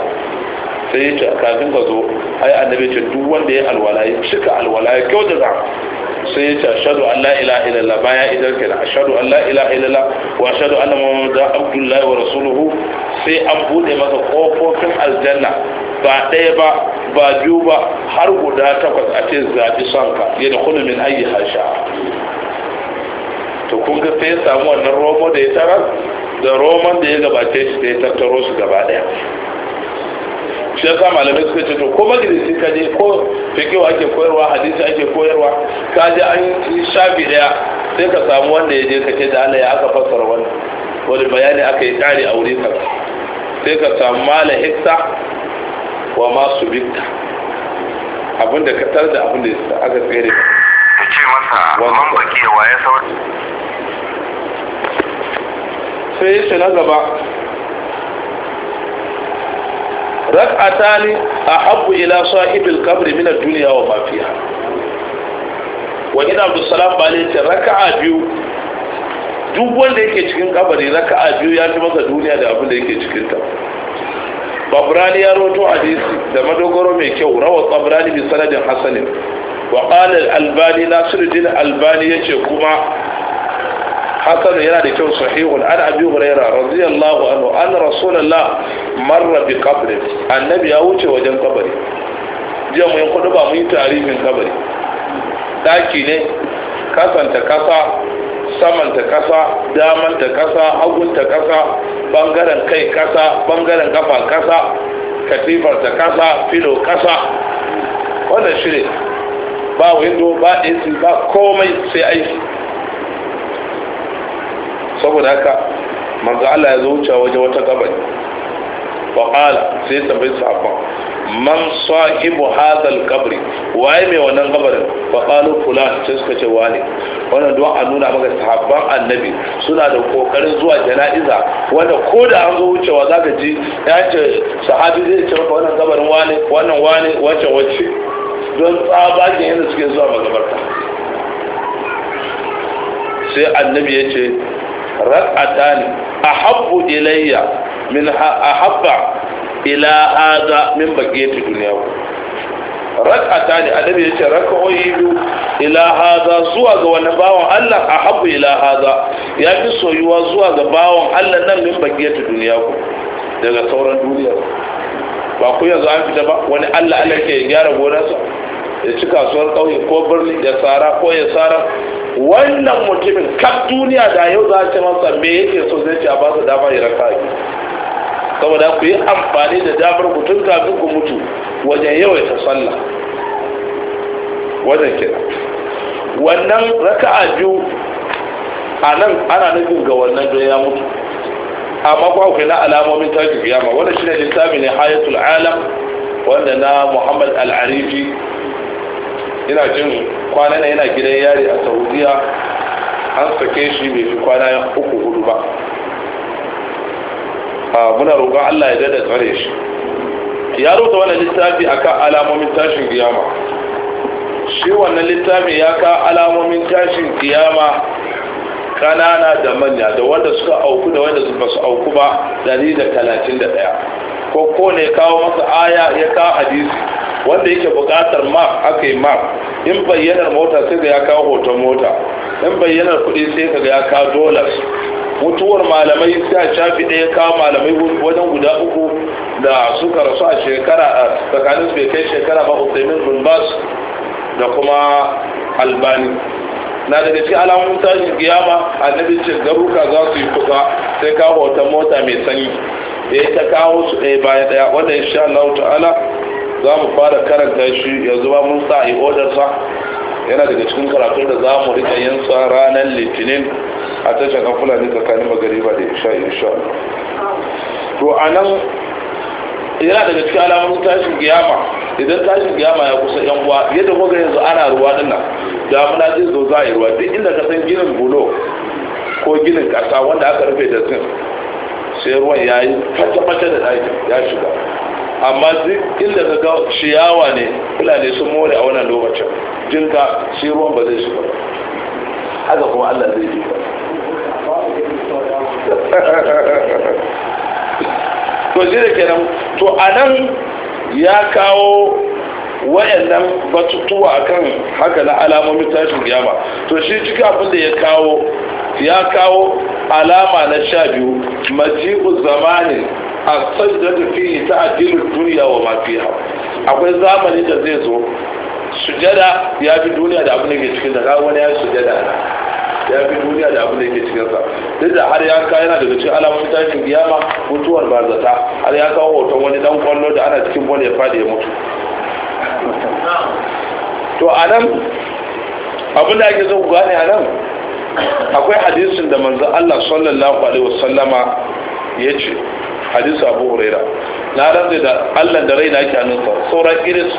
A: sai ya ce kafin ka zo ai annabi ce duk wanda ya alwala ya cika alwalaye kyau da za sai ya ce ashadu an la ilaha illallah baya idan kenan ashadu an la ilaha illallah wa ashadu anna muhammadan abdullahi wa rasuluhu sai an bude masa kofofin aljanna ba ɗaya ba ba biyu ba har guda takwas a ce zaɓi sonka ya da kudu min ayi harsha. to kun ga sai ya samu wannan romo da ya tara da roman da ya gabace shi da ya tattaro su gaba ɗaya shi yasa malamai suka ce to ko majalisi ka je ko fikiwa ake koyarwa hadisi ake koyarwa ka je an yi shafi daya sai ka samu wanda ya je ka ce da Allah ya aka fassara wani wani bayani aka yi tsari a wuri kan sai ka samu mala hikta wa masu bikta da ka tar da abinda aka tsere ka ce masa Wannan bakewa ya sauri sai yi shi na gaba rak'atani ahabbu ila sahibil qabri min ad-dunya wa ma fiha wa ina abdul salam bale ce raka'a biyu duk wanda yake cikin kabari raka'a biyu ya fi masa duniya da abin da yake cikin ta babrani ya roto hadisi da madogoro mai kyau rawa tsabrani bi sanadin hasanin wa qala al-albani nasiruddin albani yace kuma hasan yana da kyau sahihun an abi huraira radiyallahu anhu an rasulullah marra bi annabi ya wuce wajen kabari jiya mu yin kudu ba muyi yi tarihin kabari ɗaki ne kasanta kasa samanta kasa damanta kasa hagunta kasa bangaren kai kasa bangaren kafa kasa katifarta kasa filo kasa wannan shi ne ba windo ba ac ba komai sai aiki saboda haka manzo Allah ya zo wuce waje wata gabar wa qala sai tambayi sahabban man sahibu hadal qabri waye mai wannan gabarin fa qalu fulan sai suka ce wani wannan duwa a nuna maka sahabban annabi suna da kokarin zuwa jana'iza wanda ko da an zo wucewa zaka ji ya ce sahabi zai ce maka wannan gabarin wani wannan wani wace wace don tsabagen yadda suke zuwa magabarta sai annabi ya ce rak'atani ahabbu ilayya min ahabba ila hada min bagiyati duniyaku rak'ata ne annabi yace rak'o'i biyu ila hada zuwa ga wani bawan Allah ahabbu ila hada yafi soyuwa zuwa ga bawan Allah nan min bagiyatu duniya ku daga sauran duniya ba ku yanzu an fita ba wani Allah Allah ke gyara gonarsa ya ci kasuwar ƙauye ko birni ya tsara ko ya tsara wannan mutumin kan duniya da yau za a ce masa me yake so zai ce a ba su dama ya raka saboda ku yi amfani da damar mutum kafin ku mutu wajen yawaita sallah wajen kira wannan raka a biyu a nan ana nufin ga wannan don ya mutu amma kuma akwai na alamomin tajin kiyama wannan ne littafi ne hayatul alam wanda na muhammad al-arifi ina jin kwana na yana gidan yari a saudiya an sake shi bai fi kwana uku hudu ba muna roƙon allah ya dada tsare shi ya rufe wannan littafi kan alamomin tashin kiyama shi wannan littafin ya ka alamomin tashin kiyama kanana da manya da wanda suka auku da wanda ba su auku ba 131 ko ko ne kawo masa aya ya kawo hadisi wanda yake bukatar map aka yi map in bayyanar mota sai ga ya kawo hoton mota in bayyanar kuɗi sai ga ya kawo dollars mutuwar malamai sai a shafi ɗaya kawo malamai wajen guda uku da suka rasu a shekara a tsakanin su bai kai shekara ba usaimin bin da kuma albani na daga cikin alamun tashin kiyama annabi ce garuka za su yi kuka sai ka ta mota mai sanyi ya yi ta kawo su ɗaya bayan ɗaya wanda insha Allah ta'ala za mu fara karanta shi yanzu ba mun sa a odarsa yana daga cikin karatun da za mu rika yin sa ranar litinin a tashar kan fulani tsakanin magariba da isha insha to a nan yana daga cikin alamun tashin kiyama idan tashin kiyama ya kusa yan uwa yadda kuka yanzu ana ruwa dinnan damuna zai zo za a yi ruwa duk inda ka san ginin bulo ko ginin ƙasa wanda aka rufe da sin sai ruwan ya yi fata-fata da ɗaki ya shiga amma duk inda ka ga ciyawa ne fulani sun more a wannan lokacin jinka shi ruwan ba zai shiga haka kuma allah zai ji to shi da kenan to a nan ya kawo wayannan batutuwa akan haka na alamomin tashin kiyama to shi cikin abin da ya kawo ya kawo alama na sha biyu maji'u zamani a sajjada fi ta addinin duniya wa mafiya akwai zamani da zai zo sujada ya fi duniya da abin da ke cikin da wani ya sujada ya fi duniya da abin da ke cikin sa duk da har ya ka yana daga cikin alamun tashin kiyama mutuwar barzata har ya kawo hoton wani dan kwallo da ana cikin bone ya fadi ya mutu to a nan abinda ake zo gane a nan akwai hadisin da manzan Allah sallallahu alaihi wasallama ya ce hadisu abu huraira na rantsa da Allah da raina ake hannunsa sauran iris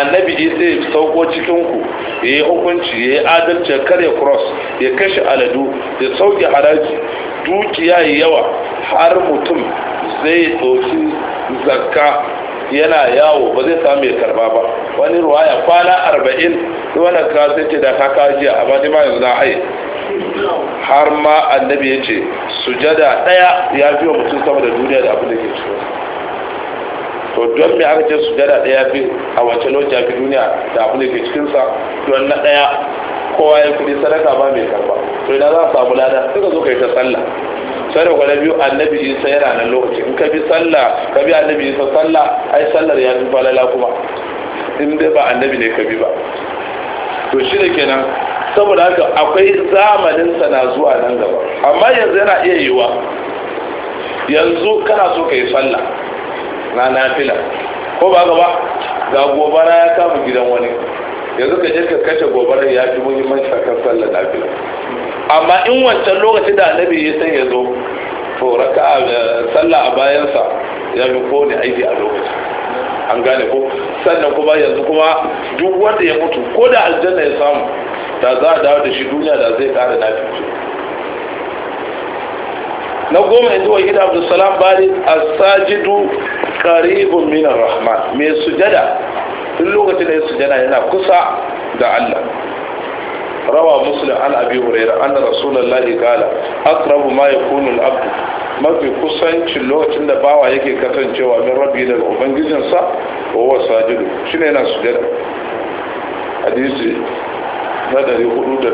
A: annabi isa zai sauko cikinku ya yi hukunci ya yi adalci ya karya cross ya kashe aladu ya sauke haraji dukiya yawa har mutum zai ɗauki zakka yana yawo ba zai samu ya karba ba wani ruwaya kwana arba'in sai wannan ka ce da kaka jiya amma ni ma yanzu na haye har ma annabi ya ce sujada ɗaya ya fi wa mutum sama da duniya da abin da ke cikin to don me aka ce su dada daya fi a wace lokaci fi duniya da abu ne ke cikinsa don na daya kowa ya kudi sadaka ba mai karba to idan za a samu lada suka zo ka yi ta sallah sai da kwana biyu annabi isa yana nan lokaci in ka bi sallah ka bi annabi isa sallah ai sallar ya fi falala kuma in dai ba annabi ne ka bi ba to shi da kenan saboda haka akwai zamanin na zuwa nan gaba amma yanzu yana iya yiwa yanzu kana so ka yi sallah na nafila ko ba gaba ga gobara ya kama gidan wani yanzu ka je ka kashe gobarar ya fi muhimmanci kan sallar nafila amma in wancan lokaci da annabi ya san ya zo to raka eh, sallah a bayansa ya fi kowane aiki a lokaci. an gane ko sannan kuma yanzu kuma duk wanda ya mutu ko da aljanna ya samu da za a dawo da shi duniya da zai kara nafi na goma yanzu wahid abdulsalam bari a sajidu qaribun minar rahman mai sujada duk lokacin da ya sujada yana kusa da Allah rawa muslim an abi hurairah anna rasulullahi qala Gala, ma ya Kunun abu mafi kusancin lokacin da bawa yake kasancewa min rabbi daga ubangijinsa wa Sajidu, sajidu ne yana sujada hadisi na 481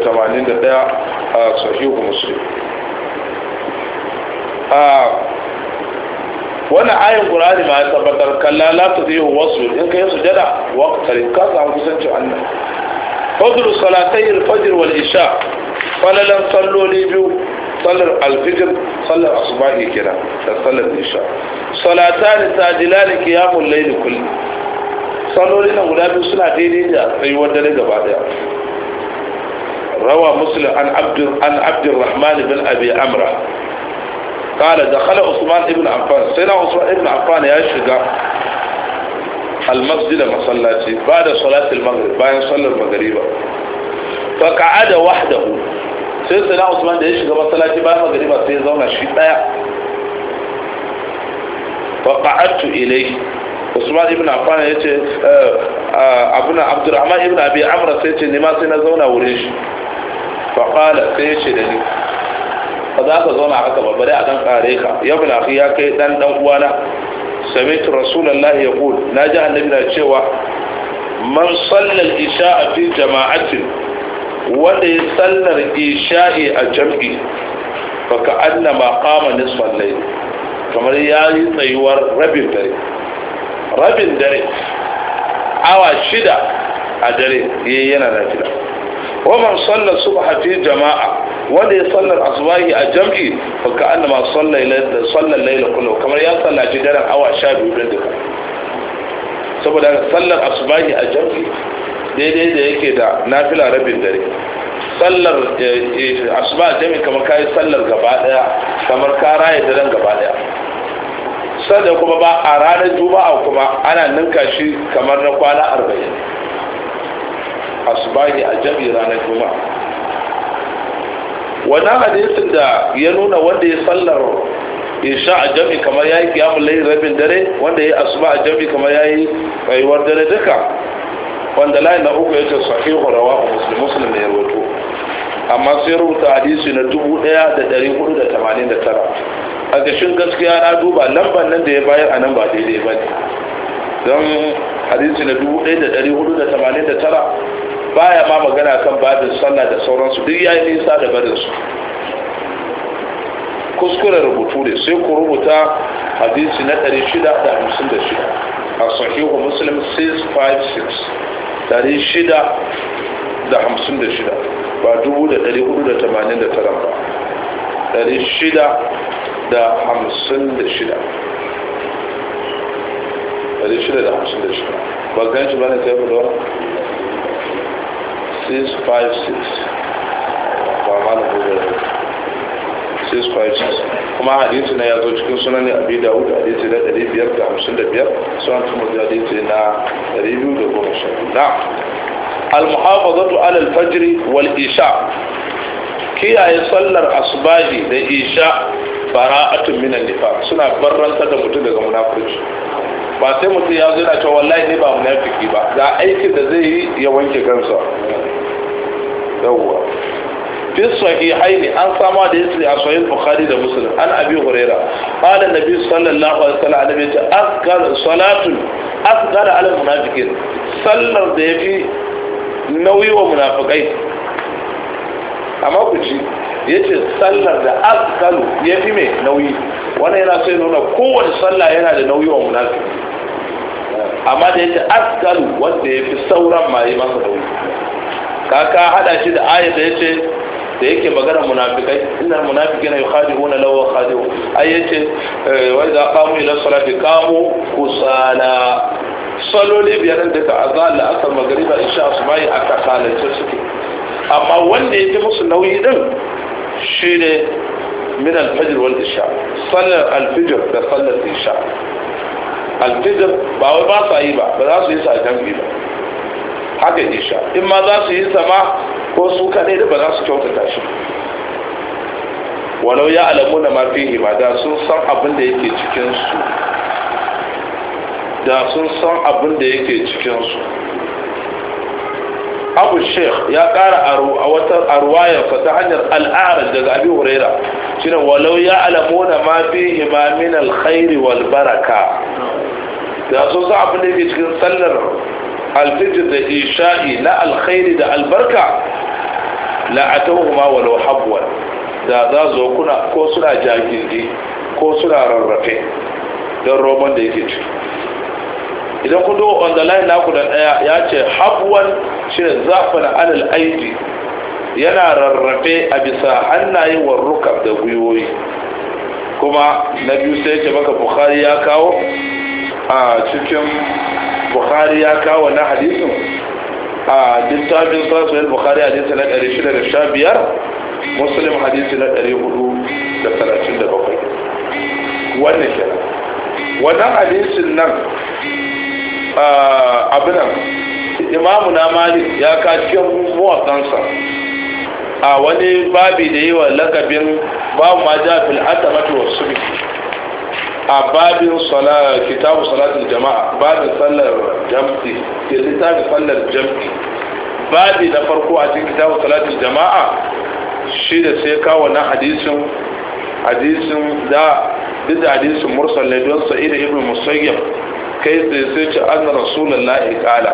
A: a sahihu muslim wannan ayin qur'ani ma ya tabbatar kalla la tadiyu wasl in kai sujada waqtar ka samu kusancin Allah fadlu salatai al-fajr wal isha falalan salloli biyu sallar al-fajr sallar asubahi kira da sallar isha salatan sajilani qiyamul layl kulli salloli na guda biyu suna daidai da tsayuwar dare gaba daya rawa muslim an abdur an abdurrahman bin abi amra kala da khala usman ibn affan sai na usman ibn affan ya shiga almasjid masallaci ba da salatul maghrib bayan sallar maghriba fa qa'ada wahdahu sai sai na usman da ya shiga masallaci bayan maghriba sai ya zauna shi daya fa qa'adtu ilayhi usman ibn affan yace abuna abdurrahman ibn abi amr sai ce ne sai na zauna wurin shi fa qala sai ce da ni ba za ka zauna haka ba bari a dan kare ka ya bin akhi ya kai dan dan uwana sami'tu rasulullahi na ji annabi na cewa man salla al-isha'a fi jama'atin wanda ya sallar isha'i a jam'i fa ka annama qama nisfal layl kamar ya yi tsayuwar rabin dare rabin dare awa shida a dare yayi yana lafiya waman sallar subha fi jama'a wanda ya sallar asbahi a jam'i fa ka annama sallar laila kullu kamar ya sallaci daren awa 12 din duka saboda sallar asbahi a jam'i daidai da yake da nafila rabin dare sallar asuba jami kamar kayi sallar gaba kamar ka raye daren gaba daya sannan kuma ba a ranar juma'a kuma ana ninka kamar na kwana arba'in asbahi a jami ranar Juma. wannan hadisin da ya nuna wanda ya sallar isha a jami kamar ya yi kiyamun rabin dare wanda ya yi asuba a jami kamar ya yi rayuwar dare duka wanda layi na uku ya ce sahihu rawa a musulmi musulmi ne ya amma sai rubuta hadisi na dubu da da da tara. a gashin gaskiya na duba lambar nan da ya bayar a nan ba daidai ba ne don hadisi na 1489 ya ma magana kan babin sallah da sauransu duk ya yi nisa da barinsu kuskure rubutu ne sai ku rubuta hadisi na 656 a sahihu muslim 656 shida ba 1489 ba shida. ɗari shida da hamsin da shida ba gan shi ba ne tebur da 656 ba malam gobe da 656 kuma hadisi na ya zo cikin sunan abi dawud hadisi na 555 sunan tumur hadisi na 210 na al-muhafazatu ala al-fajr wal isha kiyaye sallar asbahi da isha bara'atun minan nifaq suna barranta da mutum daga munafurci ba sai mutum ya zina cewa wallahi ne ba munafiki ba ga aikin da zai yi ya wanke kansa yawwa fi haini an samu da yasli a sahih bukhari da muslim an abi huraira qala nabi sallallahu alaihi wasallam annabi ta asghar salatu asghar al munafiqin sallar da yafi nauyi wa munafikai amma ku ji yace sallar da asghar yafi mai nauyi wannan yana sai nuna kowace sallah yana da nauyi wa munafiki amma da yake askalu wanda ya fi sauran maye yi masa nauyi kaka hada shi da ayat da yace da yake magana munafikai innal munafiqina yukhadi'una law khadi'u ay yace eh, wa idza qamu ila salati qamu kusala saloli biyar da ka azal asar magriba isha asma'i a kasalance suke amma wanda yake musu nauyi din shine min al-fajr wal isha sallar al-fajr da sallar isha alfijir ba wai ba sa yi ba ba za su yi sa ba haka isha in ma za su yi sama ko su kaɗai da ba za su kyautata shi walau ya alamu na mafi ma da sun san abin yake cikinsu da sun san abin da yake cikinsu abu sheikh ya kara a wata arwayarsa ta hanyar al'arar daga abi huraira shine walau ya alamuna ma fi imamin alkhairi wal baraka da sun sa abin da ke cikin sallar alfijir da isha'i na alkhairi da albarka la atawhuma walau habwan da za zo kuna ko suna jagindi ko suna rarrafe don roman da yake ciki idan ku do on the line naku da daya ya ce habwan shine zafana alal aidi yana rarrafe a bisa hannaye wa rukab da gwiwoyi kuma na biyu sai ce maka bukhari ya kawo a cikin bukhari ya kawo na hadisin a littafin sasuwar bukhari hadisi na 615 muslim hadisi na 437 wannan kenan wannan hadisin nan abinan imamu na malik ya ka cikin mawasansa a wani babi da yi wa lakabin babu ma ja fil atamati wa subhi a babin kitabu salatul jama'a babin sallar jam'i ke littafin sallar jam'i babi na farko a cikin kitabu salatul jama'a shi da sai kawo na hadisin hadisin da duk da hadisin mursal ne don sa'ida ibn musayyab kai tsaye sai ce an rasulullahi kala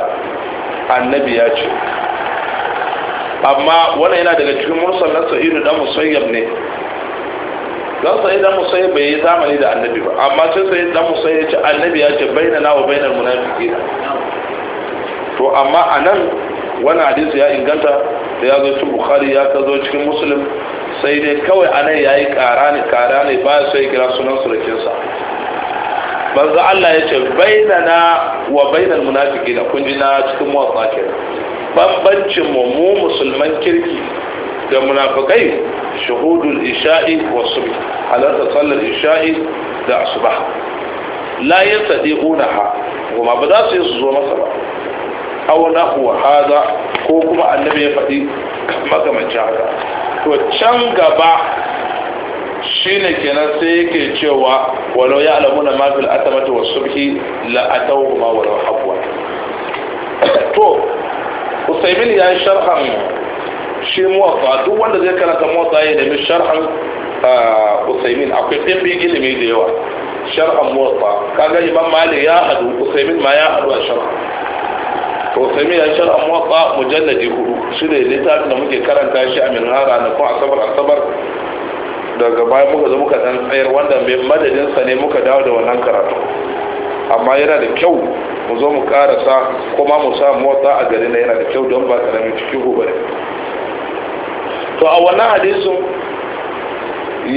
A: annabi ya ce amma wannan yana daga cikin mursal na sa'idu dan musayyab ne dan sa'idu dan musayyab bai yi zamani da annabi ba amma sai sai dan musayyab ce annabi ya ce na wa bainal munafiki to amma anan wannan hadisi ya inganta da ya zo cikin bukhari ya ka zo cikin muslim sai dai kawai anan yayi kara ne ne ba sai kira sunan surukinsa manzo Allah ya ce bainana wa bainal munafiqin kun ji na cikin motsa ke bambancin mu mu musulman kirki da munafikai shuhudul isha'i wa subh halarta sallar isha'i da asbah la yasadiqunaha kuma ba za su yi su zo masa ba aw nahwa hada ko kuma annabi ya faɗi makamancin haka to can gaba shine kenan sai yake cewa walau ya alamu na mafil atamata wasu a la'atawu ma walau habuwa to usaimin ya yi sharhan shi muwatsa duk wanda zai karanta muwatsa ya nemi sharhan ah, usaimin akwai ɗimbin ilimi da yawa sharhan ka kaga ban mali ya hadu usaimin ma ya hadu a sharhan usaimin ya sharhan muwatsa mujalladi hudu shi ne littafin da muke karanta shi a minhara na kuma asabar asabar daga baya muka zo muka dan tsayar wanda mai madadinsa ne muka dawo da wannan karatu amma yana da kyau mu zo mu karasa kuma mu sa motsa a gari na yana da kyau don ba karami cikin gobe to a wannan hadisin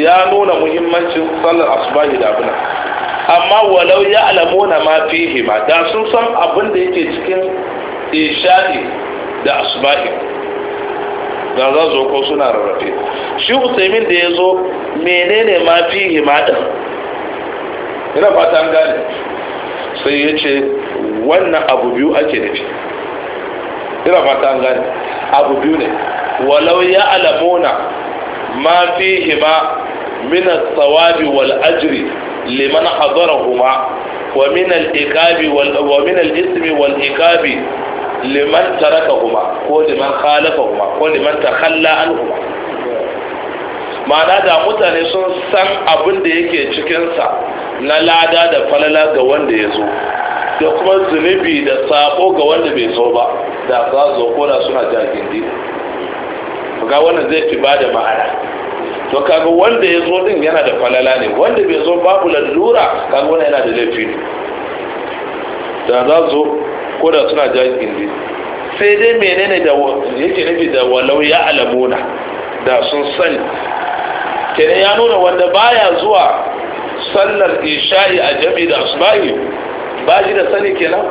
A: ya nuna muhimmancin sallar asubahi da abin amma walau ya alamuna ma fihi ma da sun san abin da yake cikin isha'i da asubahi da za zo ko suna rarrafe shi usaimin da ya zo menene ma fi ma ina fata an gane sai ya ce wannan abu biyu ake nufi ina fata an gane abu biyu ne walau ya alamuna ma fihima min as-sawabi wal ajri liman hadarahuma wa min al-iqabi wal wa min al-ismi wal iqabi liman tarakahuma ko liman khalafahuma ko liman takhalla anhuma ma'ana da mutane sun san abin da yake cikinsa na lada da falala ga wanda ya zo da kuma zunubi da sako ga wanda bai zo ba da za su zo koda suna jagindi ga wannan zai fi bada ma'ana to kaga wanda ya zo din yana da falala ne wanda bai zo babu lalura kaga wannan yana da laifi da za zo ko da suna jakin ne sai dai menene da yake nufi da walau ya alamuna da sun sani kenan ya nuna wanda baya zuwa sallar isha'i a jami da asubahi ba shi da sani kenan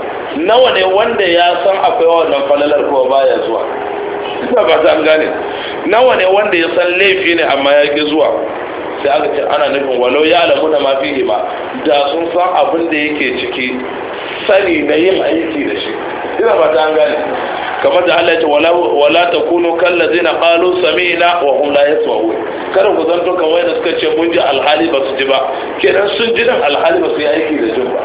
A: nawa ne wanda ya san akwai wannan falalar kuma baya zuwa ina ba ta an gane nawa ne wanda ya san laifi ne amma ya ki zuwa sai aka ce ana nufin walau ya alamu da mafi hima da sun san abin da yake ciki sani na yin aiki da shi ina ba ta an gane kamar da Allah ya ce wala ta zina kallazina sami sami'na wa hum la yasma'un kada ku zanto kamar yadda suka ce mun ji alhali ba su ji ba kenan sun ji nan alhali ba su yi aiki da jin ba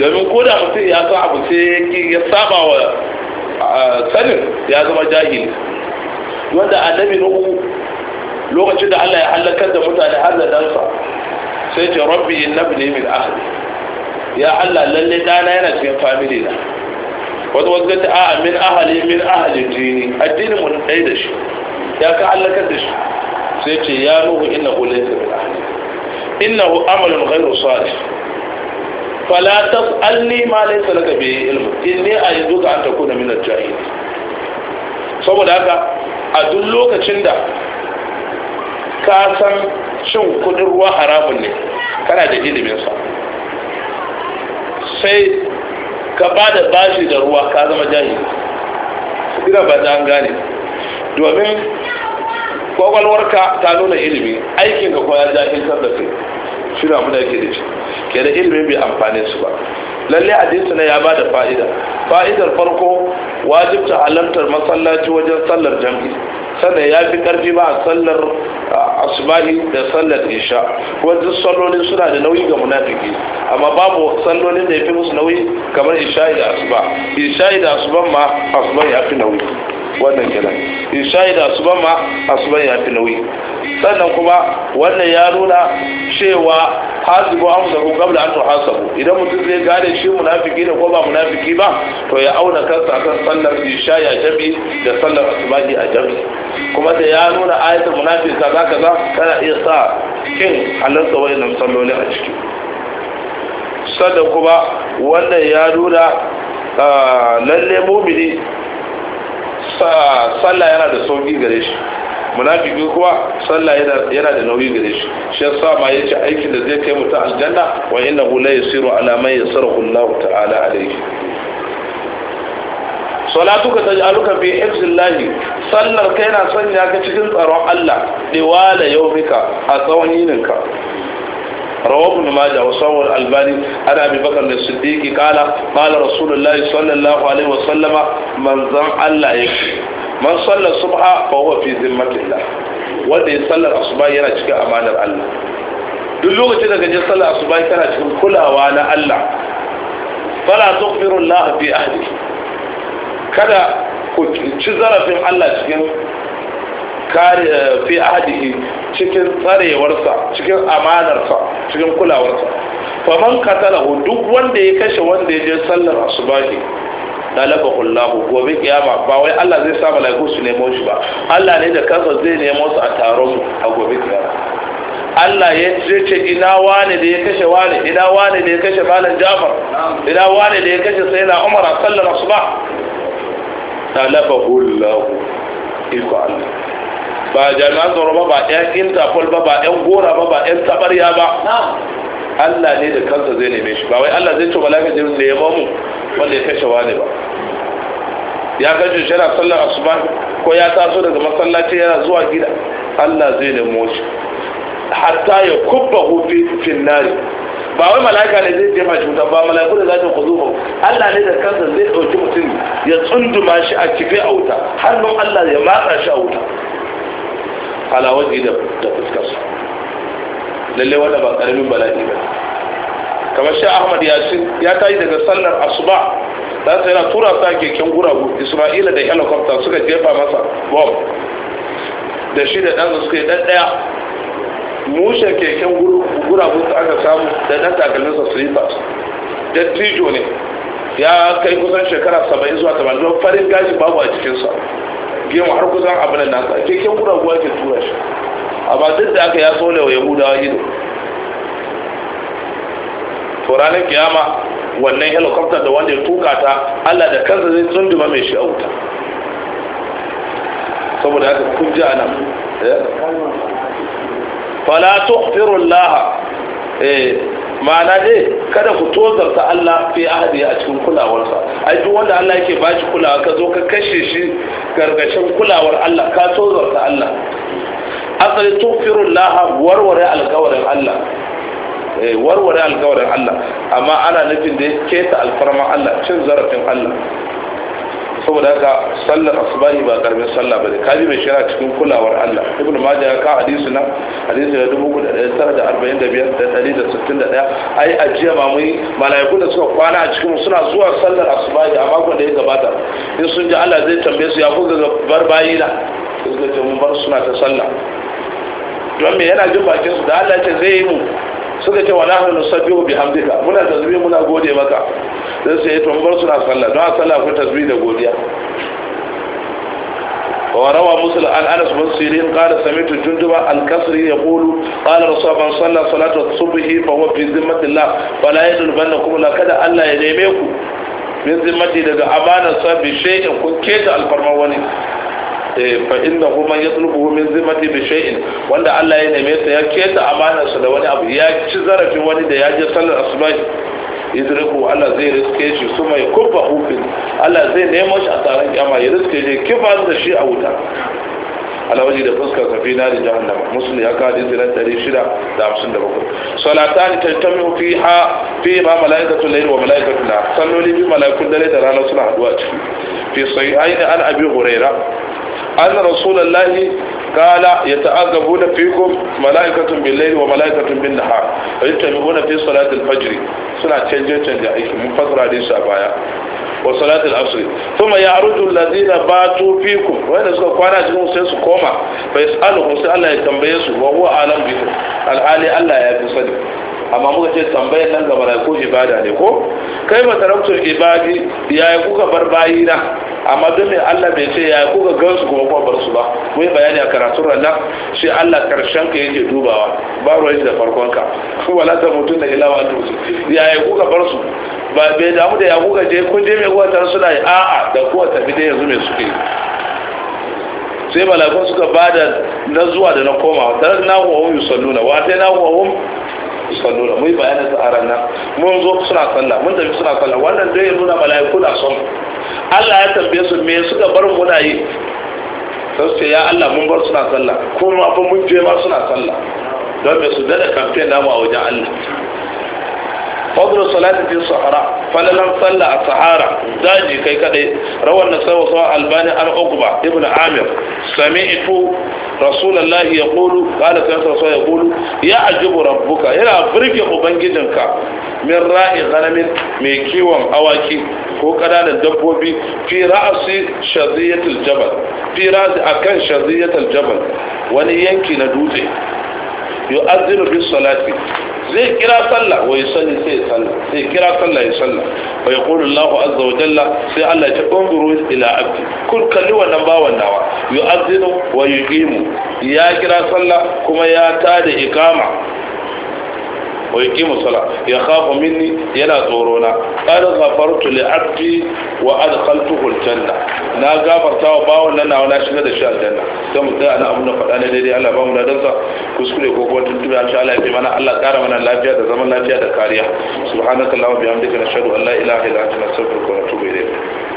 A: domin ko da mutum ya san abu sai ya saba wa sanin ya zama jahili wanda annabi nuhu lokacin da Allah ya halakar da mutane har da dansa sai ce rabbi innabni min ahli ya Allah lalle dana yana cikin family na wanda wanda ta a min ahli min ahli dini addini mun dai da shi ya ka halakar da shi sai ce ya nuhu innahu laysa min ahli innahu amalun ghayru salih fala alli ma laysa laka bi ilmu inni a'iduka an takuna min al-jahil saboda haka a duk lokacin da ka san cin kudin ruwa haramun ne kana da ilimin sa sai ka ba da bashi da ruwa ka zama jahili ina ba ta gane domin kwakwalwarka ta nuna ilimi aikinka ko ya jahiltar da kai shi da abin da yake da shi kenan ilimin bai amfane su ba lalle hadisi na ya ba da fa'ida fa'idar farko wajibta halartar masallaci wajen sallar jam'i sannan ya fi karfi ba a sallar asubahi da sallar isha wajen sallolin suna da nauyi ga munafiki amma babu sallolin da ya fi musu nauyi kamar isha da asuba isha da asuban ma asuban ya fi nauyi wannan kenan isha da asuban ma asuban ya fi nauyi sannan kuma wannan ya nuna cewa hasibu amsahu gabla an tuhasabu idan mutum zai gane shi munafiki ne ko ba munafiki ba to ya auna kansa akan sallar isha ya jabi da sallar asubahi a jabi kuma da ya nuna ayatul munafiki kaza kaza kana iya sa kin halarta wayannan salloli a ciki sannan kuma wannan ya nuna ah, lalle mumini sallah yana da sauki gare shi munafiki kuwa sallah yana da nauyi gare shi shi yasa ma yace aikin da zai kai mu ta aljanna wa hu la yasiru ala man yasarahu Allahu ta'ala alayhi salatuka taj'aluka fi hifzillah sallar kai na sanya ka cikin tsaron Allah diwala yawmika a tsawon yininka رواه ابن ماجه وصور الألباني عن أبي بكر الصديق قال قال رسول الله صلى الله عليه وسلم من ظن الله يكفي من صلى الصبح فهو في ذمة الله wanda ya sallar asuba yana cikin amanar Allah duk lokacin da gaje sallar asuba kana cikin kulawa na Allah fara tughfiru Allah fi ahli kada ku ci zarafin Allah cikin kare fi ahlihi cikin tsarewarsa cikin amanarsa cikin kulawarsa faman katalahu duk wanda ya kashe wanda ya je sallar asubahi dalabahu Allah gobe kiyama ba wai Allah zai sa malaiku su nemo shi ba Allah ne da kansa zai nemo su a taron a gobe kiyama Allah ya ce ina wane da ya kashe wane ina wane da ya kashe malam Jafar ina wane da ya kashe sayyida Umar sallar asuba dalabahu Allah iko Allah ba jami'an tsaro ba ba 'yan interpol ba ba 'yan gora ba ba 'yan tabarya ba Allah ne da kansa zai neme shi ba wai Allah zai ce malaka jirin da ya ba mu wanda ya kashe wani ba ya kashe shi yana sallar asuba ko ya taso daga masallaci yana zuwa gida Allah zai nemo shi hatta ya kubba hufi finnari ba wai Malaika ne zai jefa shi wuta ba malaiku da zafin ku zuwa Allah ne da kansa zai ɗauki mutum ya tsunduma shi a kife a wuta hannun Allah ya matsa shi a wuta halawaji da fuskarsu lalle wanda ba karamin bala'i ba kamar shi ahmad ya tayi daga sallar asuba dan sai na tura sa keken guragu isra'ila da helicopter suka jefa masa bomb da shi da ɗansa suka yi ɗan ɗaya mushe keken guragu da aka samu da ɗan takalminsa slippers dattijo ne ya kai kusan shekara 70 zuwa 80 farin gashi babu a jikinsa gemu har kusan abin nasa a keken guwa ke tura shi a ba duk da aka ya tsole wa wa ido to ranar kiyama wannan helicopter da wanda ya tuka ta allah da kansa zai tsunduma mai shi a wuta saboda haka kujja a nan eh? fala tuhfirullaha eh ma'ana ne kada ku tozarta Allah fi ahadi a cikin kulawarsa ai duk wanda Allah yake ba shi kulawa ka zo ka kashe shi gargashin kulawar Allah ka tozarta Allah asali tufirin warware alkawarin Allah eh, warware alkawarin Allah amma ana nufin da keta alfarman Allah cin zarafin Allah saboda haka sallar asubahi ba karamin sallah bane kaji mai shira cikin kulawar Allah ibn majah ya ka hadisi na hadisi da 1945 ai ajiya ma mai malaiku da suka kwana a cikin suna zuwa sallar asubahi a makon da ya gabata in sun ji Allah zai tambaye su ya ku ga bar bayi na suka ce mun bar suna ta sallah don me yana jin bakin su da Allah ya ce zai yi mu suka ce wala hanu bi hamdika muna tasbi muna gode maka sai sai to bar suna sallah don sallah ku tasbi da godiya وروى مسلم عن انس بن سيرين قال سمعت جندب الكسري يقول قال رسول الله صلى صلاة الصبح فهو في ذمة الله فلا يطلبنكم لا كذا الا ينيمكم من ذمتي daga amanar sabi bi shay'in kun keta alfarman wani Eh, fa inna huma yatlubu min zimmati bi shay'in wanda Allah ya neme ta ya keta amana su da wani abu ya ci zarafin wani da ya je sallar asubai idriku Allah zai riske shi su mai kubba hufin Allah zai nemo shi a tsarin kyama ya riske shi kifa da shi a wuta Ala waje da fuskar safi na da musulmi ya kawo dizira ɗari shida da hamsin da bakwai salata ne tattami fi ha fi ma mala'ikatu lail wa mala'ikatu na salloli bi mala'ikun dare da ranar suna haɗuwa ciki fi sai aini an abi huraira an rasulullahi Gala ya ta'agabu na fikum mala'ikatun mala'ikatan laili wa mala'ikatun bin nahar wa yattabi'una fi salatil fajr suna canje canje aiki mun fasara da su a baya wa salatul asr thumma ya'rudu alladhina batu fikum wanda suka kwana cikin sai su koma fa yasaluhu sai Allah ya tambaye su wa huwa Allah ya fi amma muka ce tambayar nan ga malaiku ibada ne ko kai ba tarabtu ibadi yaya kuka bar na amma don me Allah bai ce yayi kuka gansu kuma kuma bar su ba mu yi bayani a karatun ranar shi Allah karshen ka yake dubawa ba ruwan da farkon ka wala ta mutum da ilawa da mutum Yayi kuka bar su ba bai damu da ya kuka je kun je mai kuwatar suna yi a'a da kuka tafi da yanzu mai suke sai malakun suka ba da na zuwa da na koma tare na huwa hum yusalluna wa sai na huwa suka nuna mu yi bayanin su a ranar mun zo suna sallah mun tafi suna sallah wannan dai ya nuna mala'iku na son Allah ya tambaye su me suka bar na yi sai su ce ya Allah mun bar suna sallah kuma fa mun je ma suna sallah don me su dada kamfen namu a wajen Allah fadlu salati fi sahara falalan salla a sahara daji kai kadai rawan na wa sawa albani an uqba ibnu amir sami'tu rasulullahi yaqulu qala sai rasul yaqulu ya ajibu rabbuka yana burge ubangijinka min ra'i ghanamin mai kiwon awaki ko kananan dabbobi fi ra'asi shaziyatul jabal fi akan shaziyatul jabal wani yanki na dutse yu'azzinu bis salati zai kira sallah wa sani sai salla sai kira sallah ya sallah wa yaqulu Allahu azza wa jalla sai Allah ya unguru ila abdi kun kalli wannan bawan nawa yu'azzinu wa yuqimu ya kira salla kuma ya tada ikama wa yaqimu sala ya khafu minni yana tsoro na qad ghafartu li abdi wa adkhaltuhu aljanna na gafarta wa bawon nan nawa na shiga da shi aljanna sai mu tsaya ana abun da faɗa ne daidai Allah ba mu da dansa kuskure ko kuma tuntube insha Allah ya mana Allah ƙara mana lafiya da zaman lafiya da kariya subhanakallahumma bihamdika nashhadu an la ilaha illa anta nastaghfiruka wa natubu ilayk